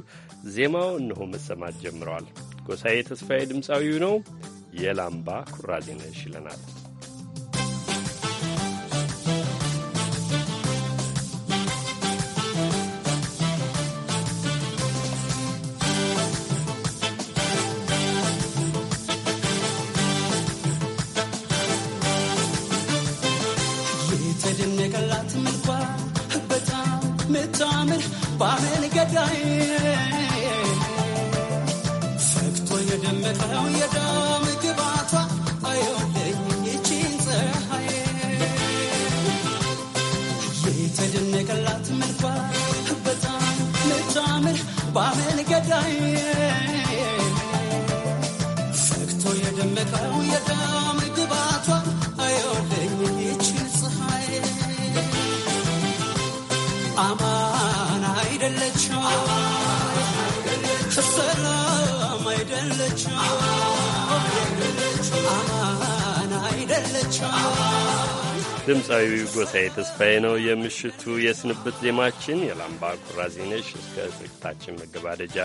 ዜማው እነሆ መሰማት ጀምረዋል። ጎሳዬ ተስፋዬ ድምፃዊው ነው። የላምባ ኩራዜ ነሽ ይለናል። ባምን ባምን ገዳይ የደመቀው የዳም ግባቷ አይወደኝ ይችን ፀሐይ አማን አይደለችው ሰላም አይደለችም። አማን አይደለችው ድምፃዊ ጎሳዬ ተስፋዬ ነው የምሽቱ የስንብት ዜማችን። የላምባ ኩራዜነሽ እስከ ስርጭታችን መገባደጃ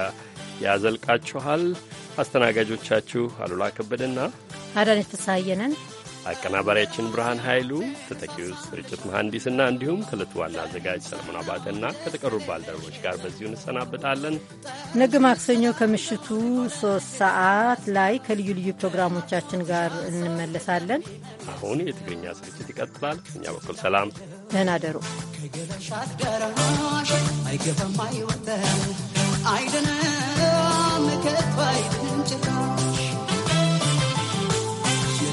ያዘልቃችኋል። አስተናጋጆቻችሁ አሉላ ከበደና አዳነች ተሳየነን። አቀናባሪያችን ብርሃን ኃይሉ፣ ተተኪው ስርጭት መሐንዲስና እንዲሁም ከእለቱ ዋና አዘጋጅ ሰለሞን አባተና ከተቀሩ ባልደረቦች ጋር በዚሁ እንሰናበታለን። ነገ ማክሰኞ ከምሽቱ ሶስት ሰዓት ላይ ከልዩ ልዩ ፕሮግራሞቻችን ጋር እንመለሳለን። አሁን የትግርኛ ስርጭት ይቀጥላል። እኛ በኩል ሰላም፣ ደህና ደሩ። አይገፋም አይወጣም አይደነ ከቶ አይደንጭ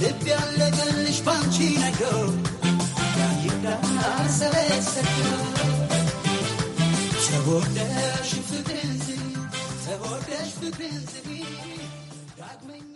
ልብ ያለቀልሽ ባንቺ ነገር ተጎዳሽ ፍቅሬን ፍቅሬን ስሚ ዳግመኛ